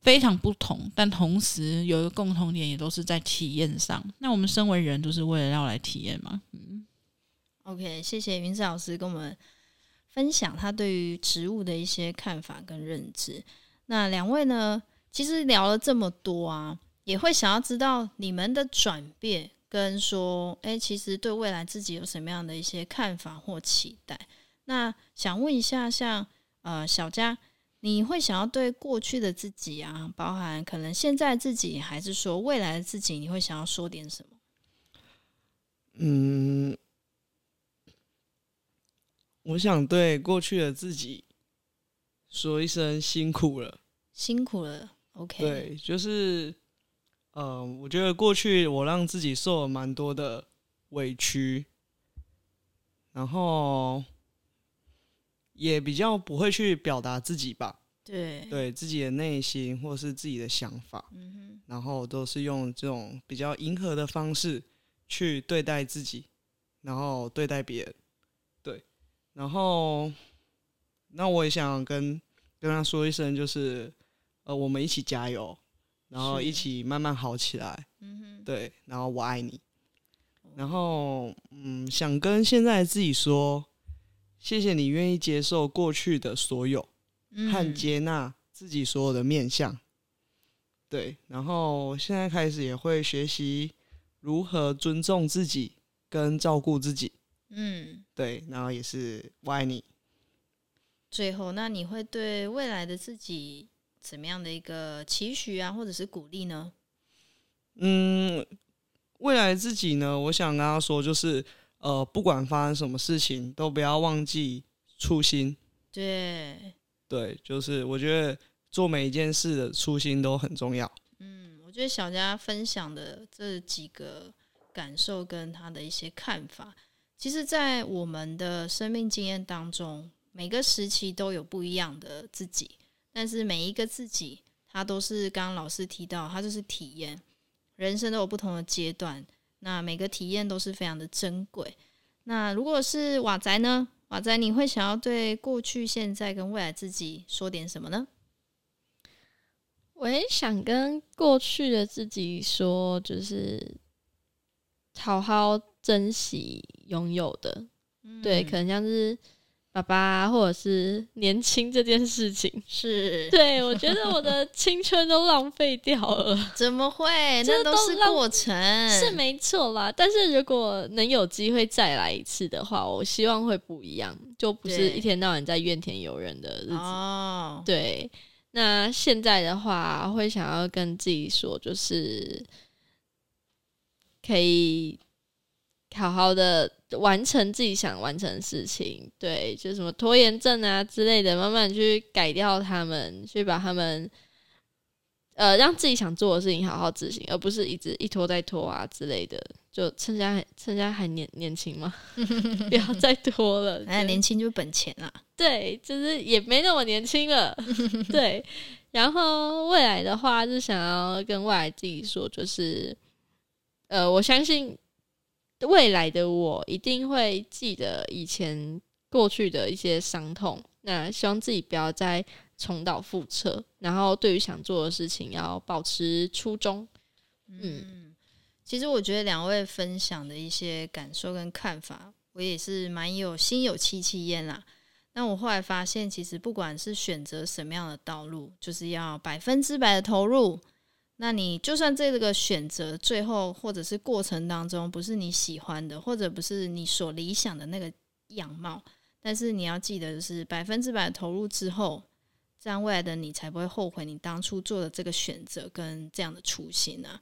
非常不同，但同時有一個共同點，也都是在體驗上。那我們身為人，就是為了要來體驗嘛。嗯，OK，謝謝芸子老師跟我們分享他對於植物的一些看法跟認知。那兩位呢，其實聊了這麼多啊，也會想要知道你們的轉變跟說，誒、欸，其實對未來自己有什麼樣的一些看法或期待？那想問一下像，像呃小珈。你會想要對過去的自己啊，包含可能現在自己，還是說未來的自己，你會想要說點什麼？嗯，我想對過去的自己說一聲辛苦了，辛苦了。OK，對，就是，呃，我覺得過去我讓自己受了蠻多的委屈，然後。也比較不會去表達自己吧，對，對自己的內心或是自己的想法，嗯哼，然後都是用這種比較迎合的方式去對待自己，然後對待別人，對，然後那我也想跟跟他說一聲，就是呃，我們一起加油，然後一起慢慢好起來，嗯哼，對，然後我愛你，然後嗯，想跟現在自己說。謝謝你願意接受過去的所有，和接納自己所有的面向。嗯，對，然後現在開始也會學習如何尊重自己跟照顧自己。嗯，對，然後也是我愛你。最後，那你會對未來的自己怎麼樣的一個期許啊，或者是鼓勵呢？嗯，未來的自己呢，我想跟他說就是。呃，不管發生什麼事情，都不要忘記初心。對，對，就是我覺得做每一件事的初心都很重要。嗯，我覺得小珈分享的這幾個感受跟他的一些看法，其實，在我們的生命經驗當中，每個時期都有不一樣的自己。但是每一個自己，他都是剛剛老師提到，他就是體驗人生都有不同的階段。那每個體驗都是非常的珍貴。那如果是娃仔呢？娃仔，你會想要對過去、現在跟未來自己說點什麼呢？我也想跟過去的自己說，就是好好珍惜擁有的。嗯、對，可能像是。爸爸，或者是年輕這件事情，是對我覺得我的青春都浪費掉了。 怎麼會？那都是過程， 是沒錯啦。但是如果能有機會再來一次的話，我希望會不一樣，就不是一天到晚在怨天尤人的日子。哦對，對。那現在的話，我會想要跟自己說，就是可以。好好的完成自己想完成的事情，對，就什麼拖延症啊之類的，慢慢去改掉他們，去把他們呃，讓自己想做的事情好好執行，而不是一直一拖再拖啊之類的。就趁家、趁家還年、年輕嘛， 不要再拖了。還、啊、年輕就本錢啊，對，就是也沒那麼年輕了。 對，然後未來的話，是想要跟未來自己說，就是呃，我相信。未來的我一定會記得以前過去的一些傷痛，那希望自己不要再重蹈覆轍，然後對於想做的事情要保持初衷。嗯，嗯嗯，其實我覺得兩位分享的一些感受跟看法，我也是蠻有心有戚戚焉啦。那我後來發現，其實不管是選擇什麼樣的道路，就是要百分之百的投入。那你就算這個選擇最後或者是過程當中不是你喜歡的，或者不是你所理想的那個樣貌，但是你要記得就是百分之百投入之後，這樣未來的你才不會後悔你當初做的這個選擇跟這樣的初心啊。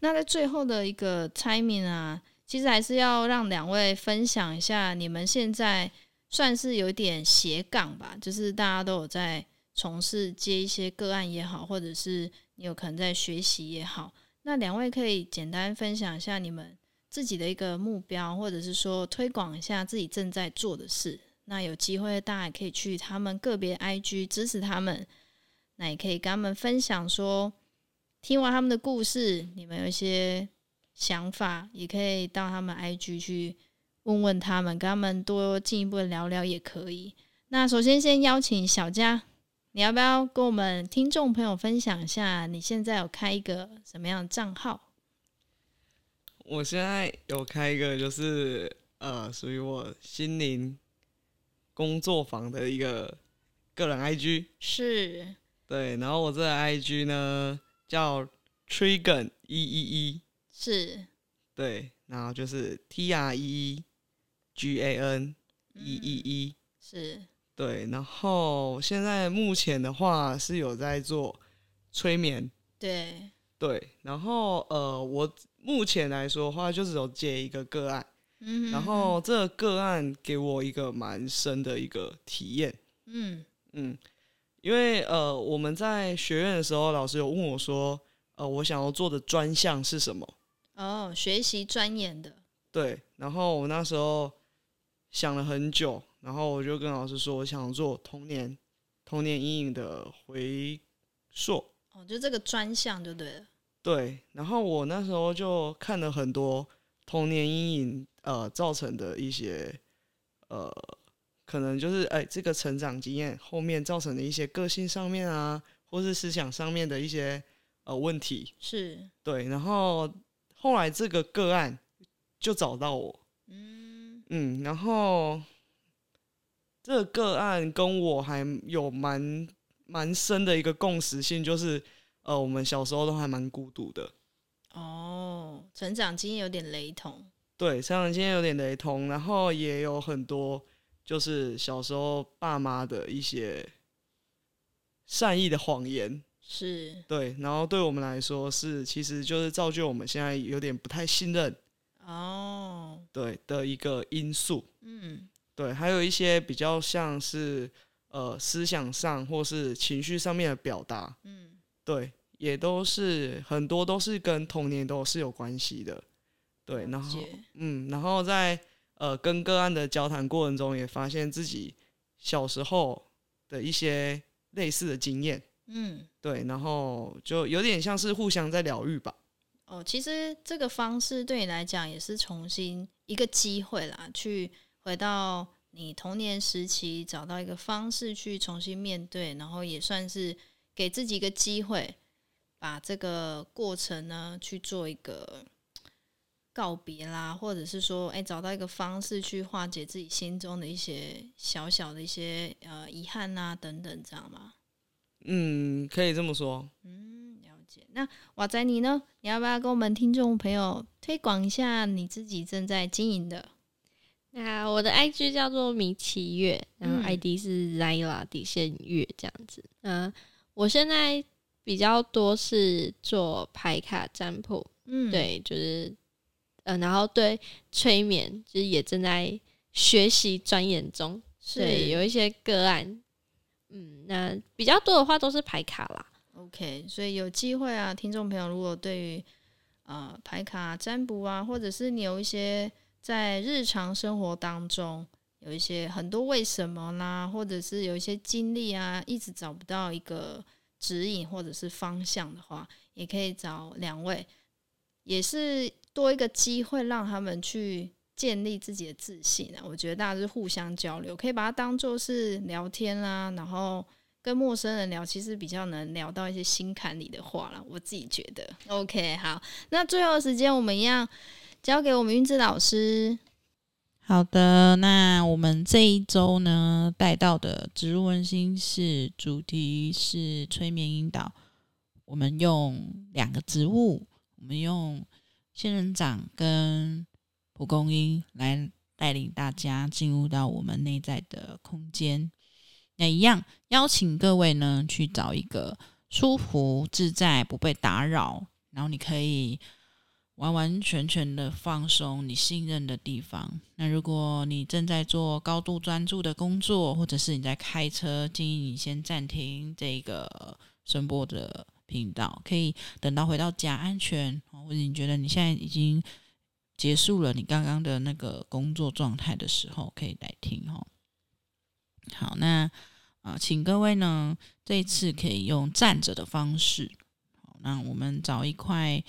那在最後的一個 timing 啊，其實還是要讓兩位分享一下你們現在算是有點斜槓吧，就是大家都有在從事接一些個案也好，或者是。你有可能在學習也好，那兩位可以簡單分享一下你們自己的一個目標，或者是說推廣一下自己正在做的事。那有機會大家也可以去他們個別 IG 支持他們，那也可以跟他們分享說，聽完他們的故事，你們有一些想法，也可以到他們 IG 去問問他們，跟他們多進一步的聊聊也可以。那首先先邀請小珈。你要不要跟我們聽眾朋友分享一下？你現在有開一個什麼樣的賬號？我現在有開一個，就是呃，屬於我心靈工作坊的一個個人 I G。是。對，然後我這個 I G 呢叫 Treegan 一一一。是。對，然後就是 T R E E G A N 一一一。是。對，然後現在目前的話是有在做催眠，對對，然後呃，我目前來說的話就是有接一個個案，嗯，哼嗯哼，然後這個個案給我一個蠻深的一個體驗，嗯嗯，因為呃，我們在學院的時候，老師有問我說，呃，我想要做的專項是什麼？哦，學習專業的。對，然後我那時候想了很久。然後我就跟老師說，我想做童年童年陰影的回溯。哦，就這個專項就對了。對，然後我那時候就看了很多童年陰影呃造成的一些呃，可能就是哎這個成長經驗後面造成的一些個性上面啊，或是思想上面的一些呃問題。是，對。然後後來這個個案就找到我。嗯嗯，然後。這個個案跟我還有蠻蠻深的一個共識性，就是呃，我們小時候都還蠻孤獨的。哦，oh, 成長經驗有點雷同。對，成長經驗有點雷同，然後也有很多就是小時候爸媽的一些善意的謊言，是，對，然後對我們來說是，其實就是造就我們現在有點不太信任。哦，oh，對的一個因素。嗯。Mm. 對，還有一些比較像是呃思想上或是情緒上面的表達，嗯、對，也都是很多都是跟童年都是有關係的，對，然後嗯，然後在呃跟個案的交談過程中，也發現自己小時候的一些類似的經驗，嗯，對，然後就有點像是互相在療癒吧。哦，其實這個方式對你來講也是重新一個機會啦，去。回到你童年時期，找到一個方式去重新面對，然後也算是給自己一個機會，把這個過程呢去做一個告別啦，或者是說，哎、欸，找到一個方式去化解自己心中的一些小小的一些呃遺憾啊等等，這樣嗎？嗯，可以這麼說。嗯，了解。那娃仔你呢？你要不要跟我們聽眾朋友推廣一下你自己正在經營的？啊，uh, 我的 IG 叫做麋祈玥，嗯、然後 ID 是 xylah 底線月這樣子。嗯、uh,，我現在比較多是做牌卡占卜，嗯，對，就是、呃、然後對催眠，就是也正在學習鑽研中，以是有一些個案，嗯、um,，那比較多的話都是牌卡啦。OK，所以有機會啊，聽眾朋友，如果對於啊，牌、呃、卡占卜啊，或者是你有一些。在日常生活當中，有一些很多為什麼啦，或者是有一些經歷啊，一直找不到一個指引或者是方向的話，也可以找兩位，也是多一個機會讓他們去建立自己的自信啊。我覺得大家是互相交流，可以把它當做是聊天啦，然後跟陌生人聊，其實比較能聊到一些心坎裡的話啦。我自己覺得，OK，好，那最後的時間，我們一樣。交給我們芸子老師。好的，那我們這一周呢，帶到的植入溫心室是主題是催眠引導。我們用兩個植物，我們用仙人掌跟蒲公英來帶領大家進入到我們內在的空間。那一樣，邀請各位呢去找一個舒服自在、不被打擾，然後你可以。完完全全的放鬆，你信任的地方。那如果你正在做高度專注的工作，或者是你在開車，建議你先暫停這個聲波的頻道，可以等到回到家安全，或者你覺得你現在已經結束了你剛剛的那個工作狀態的時候，可以來聽哦。好，那啊，呃，請各位呢，這一次可以用站着的方式。好，那我們找一塊。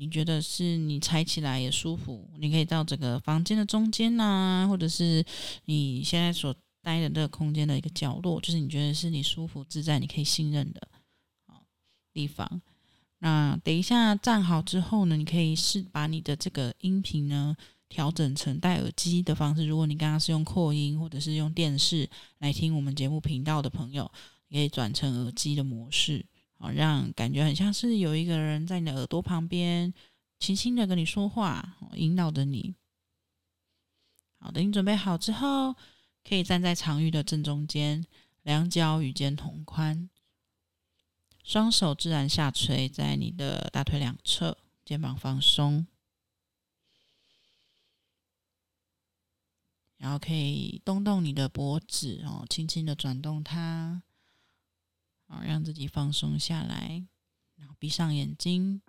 你覺得是你踩起來也舒服，你可以到這個房間的中間吶、啊，或者是你現在所待的這個空間的一個角落，就是你覺得是你舒服自在、你可以信任的好地方。那等一下站好之後呢，你可以試把你的這個音頻呢調整成戴耳機的方式。如果你剛剛是用擴音或者是用電視來聽我們節目頻道的朋友，你可以轉成耳機的模式。好，讓感覺很像是有一個人在你的耳朵旁邊，輕輕的跟你說話，引導着你。好的，你準備好之後，可以站在長瑜的正中間，兩腳與肩同寬，雙手自然下垂在你的大腿兩側，肩膀放鬆，然後可以動動你的脖子哦，輕輕的轉動它。好，讓自己放鬆下來，然後閉上眼睛。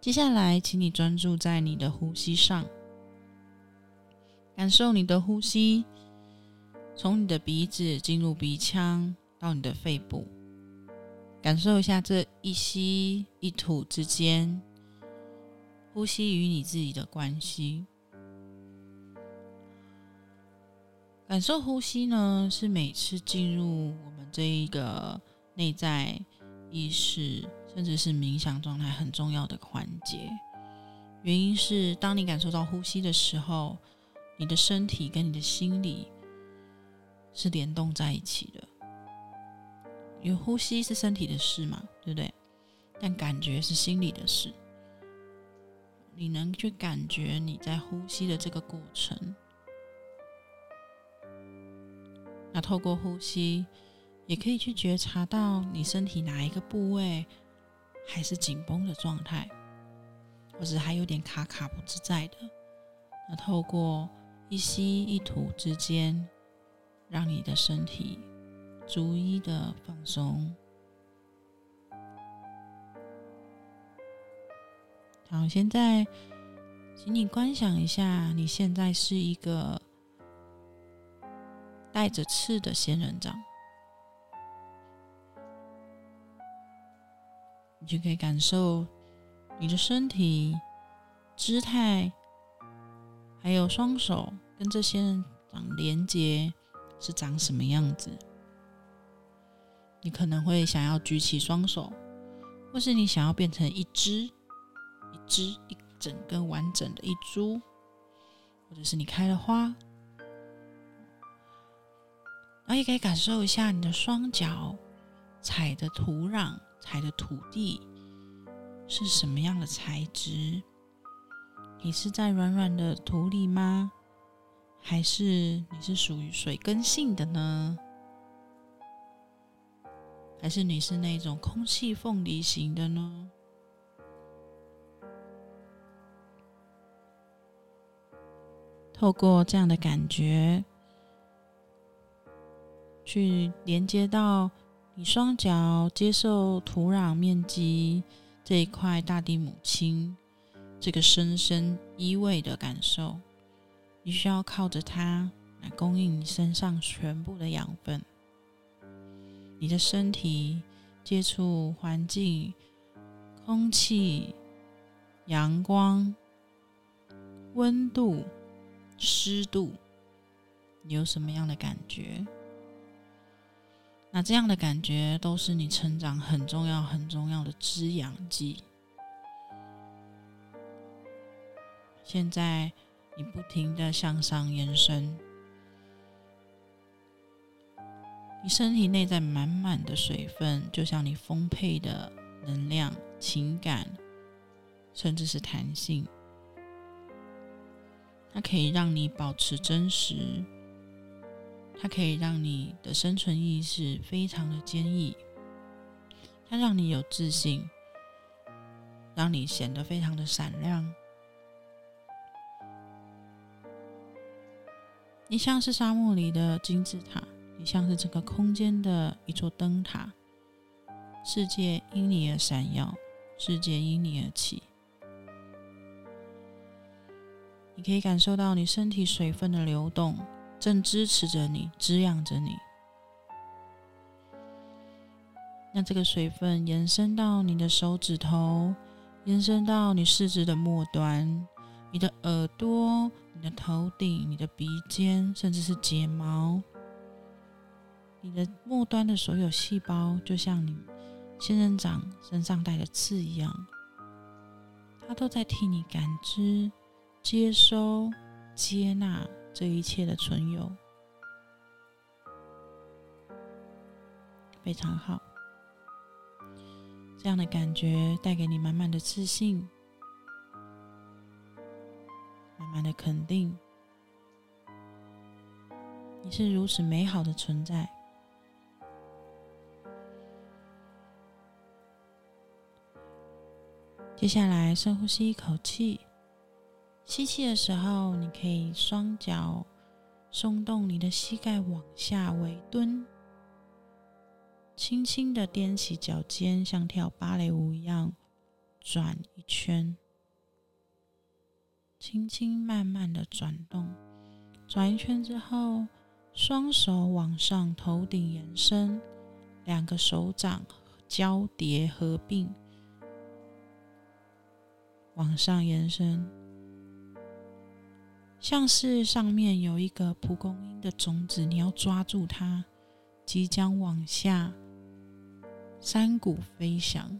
接下來，請你專注在你的呼吸上，感受你的呼吸從你的鼻子進入鼻腔到你的肺部，感受一下這一吸一吐之間，呼吸與你自己的關係。感受呼吸呢，是每次進入我們這一個內在意識，甚至是冥想狀態很重要的環節。原因是，當你感受到呼吸的時候，你的身體跟你的心理是聯動在一起的。因為呼吸是身體的事嘛，對不對？但感覺是心理的事。你能去感覺你在呼吸的這個過程。那透過呼吸，也可以去覺察到你身體哪一個部位還是緊繃的狀態，或者還有點卡卡不自在的。那透過一吸一吐之間，讓你的身體逐一的放鬆。好，現在請你觀想一下，你現在是一個。帶着刺的仙人掌，你就可以感受你的身體、姿態，還有雙手跟這仙人掌連接是長什麼樣子。你可能會想要舉起雙手，或是你想要變成一隻、一隻、一整根完整的一株，或者是你開了花。我也可以感受一下你的雙腳踩的土壤、踩的土地是什麼樣的材質？你是在軟軟的土裡嗎？還是你是屬於水根性的呢？還是你是那種空氣鳳梨型的呢？透過這樣的感覺。去連接到你雙腳接受土壤面積這一塊大地母親，這個深深依偎的感受。你需要靠着它來供應你身上全部的養分。你的身體接觸環境、空氣、陽光、溫度、濕度，你有什麼樣的感覺？那、啊、這樣的感覺都是你成長很重要、很重要的滋養劑。現在你不停的向上延伸，你身體內在滿滿的水分，就像你豐沛的能量、情感，甚至是彈性，它可以讓你保持真實。它可以讓你的生存意識非常的堅毅，它讓你有自信，讓你顯得非常的閃亮。你像是沙漠裡的金字塔，你像是整個空間的一座燈塔，世界因你而閃耀，世界因你而起。你可以感受到你身體水分的流動。正支持着你，滋養着你。那這個水分延伸到你的手指頭，延伸到你四肢的末端，你的耳朵、你的頭頂、你的鼻尖，甚至是睫毛，你的末端的所有細胞，就像你仙人掌身上帶的刺一樣，它都在替你感知、接收、接納。這一切的存有，非常好。這樣的感覺帶給你滿滿的自信，滿滿的肯定。你是如此美好的存在。接下來，深呼吸一口氣。吸氣的時候，你可以雙腳鬆動，你的膝蓋往下微蹲，輕輕地踮起腳尖，像跳芭蕾舞一樣轉一圈，輕輕慢慢地轉動。轉一圈之後，雙手往上頭頂延伸，兩個手掌交疊合併，往上延伸。像是上面有一個蒲公英的種子，你要抓住它，即將往下山谷飛翔，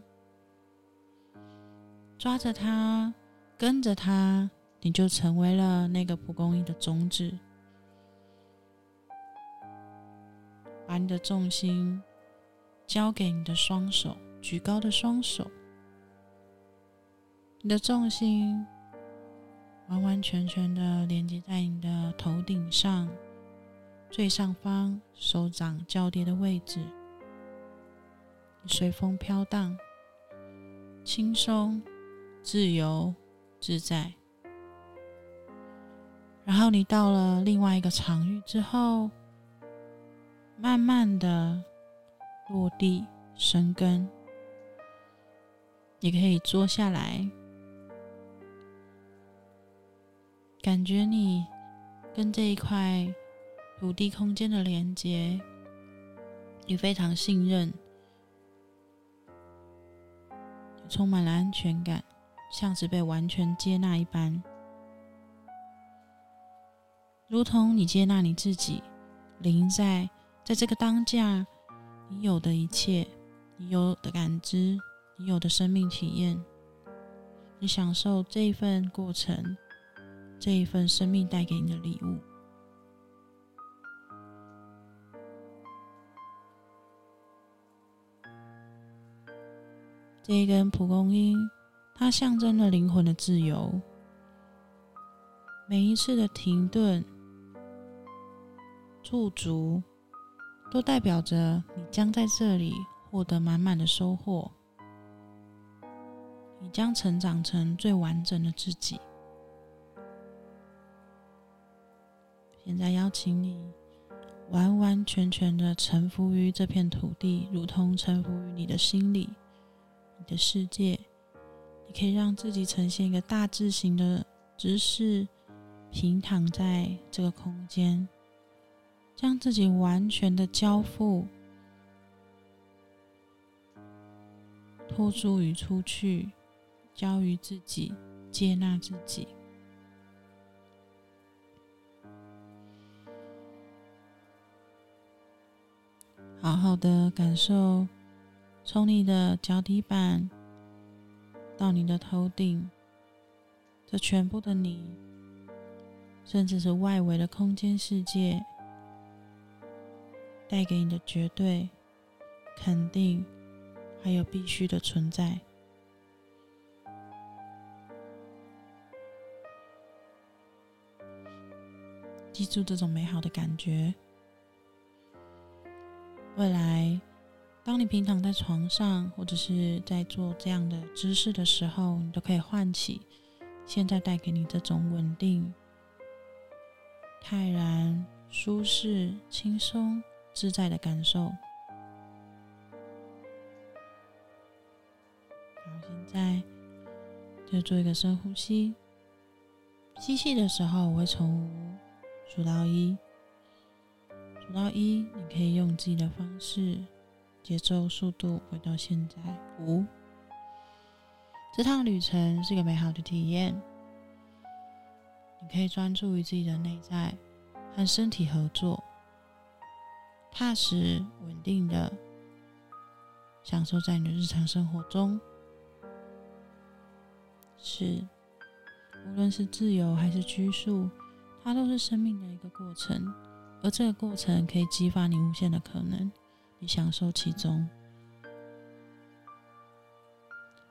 抓着它，跟着它，你就成為了那個蒲公英的種子。把你的重心交給你的雙手，舉高的雙手，你的重心。完完全全的連接在你的頭頂上最上方手掌交疊的位置，隨風飄蕩，輕鬆、自由、自在。然後你到了另外一個場域之後，慢慢的落地生根，也可以坐下來。感覺你跟這一塊土地空間的連接，你非常信任，充滿了安全感，像是被完全接納一般。如同你接納你自己，臨在在這個當下，你有的一切，你有的感知，你有的生命體驗，你享受這一份過程。這一份生命帶給你的禮物，這一根蒲公英，它象徵著靈魂的自由。每一次的停頓、駐足，都代表着你將在這裡獲得滿滿的收穫，你將成長成最完整的自己。現在邀請你，完完全全的臣服於這片土地，如同臣服於你的心裡、你的世界。你可以讓自己呈現一個大字形的姿勢，平躺在這個空間，將自己完全的交付、托諸於出去，交於自己，接納自己。好好的感受，從你的腳底板到你的頭頂，這全部的你，甚至是外圍的空間世界，帶給你的絕對肯定，還有必須的存在。記住這種美好的感覺。未來，當你平躺在床上，或者是在做這樣的姿勢的時候，你都可以喚起現在帶給你這種穩定、泰然、舒適、輕鬆、自在的感受。然後現在就做一個深呼吸，吸氣的時候我會從五數到一。到一，你可以用自己的方式、節奏、速度回到現在。五，這趟旅程是一個美好的體驗。你可以專注於自己的內在和身體合作，踏實、穩定的享受在你的日常生活中。四，無論是自由還是拘束，它都是生命的一個過程。而這個過程可以激發你無限的可能，你享受其中。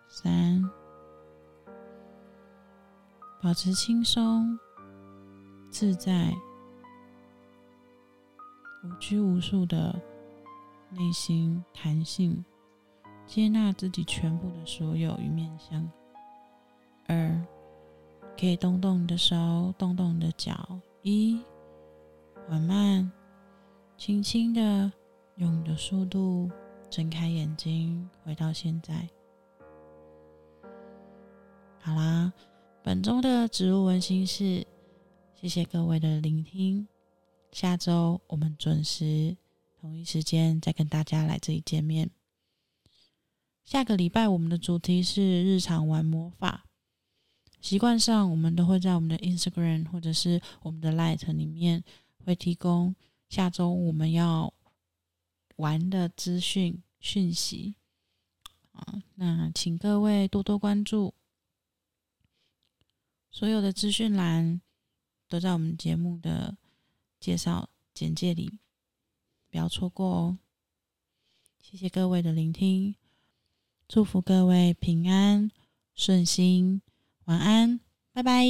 三，保持輕鬆、自在、無拘無束的內心彈性，接納自己全部的所有與面向。二，可以動動你的手，動動你的腳。一。緩慢、輕輕的，用你的速度睜開眼睛，回到現在。好啦，本週的植入溫心室，謝謝各位的聆聽。下週我們準時同一時間再跟大家來這裡見面。下個禮拜我們的主題是日常玩魔法。習慣上，我們都會在我們的 Instagram 或者是我們的 Line 裡面。會提供下周我們要玩的資訊訊息啊，那請各位多多關注，所有的資訊欄都在我們節目的介紹簡介裡，不要錯過哦。謝謝各位的聆聽，祝福各位平安順心，晚安，拜拜。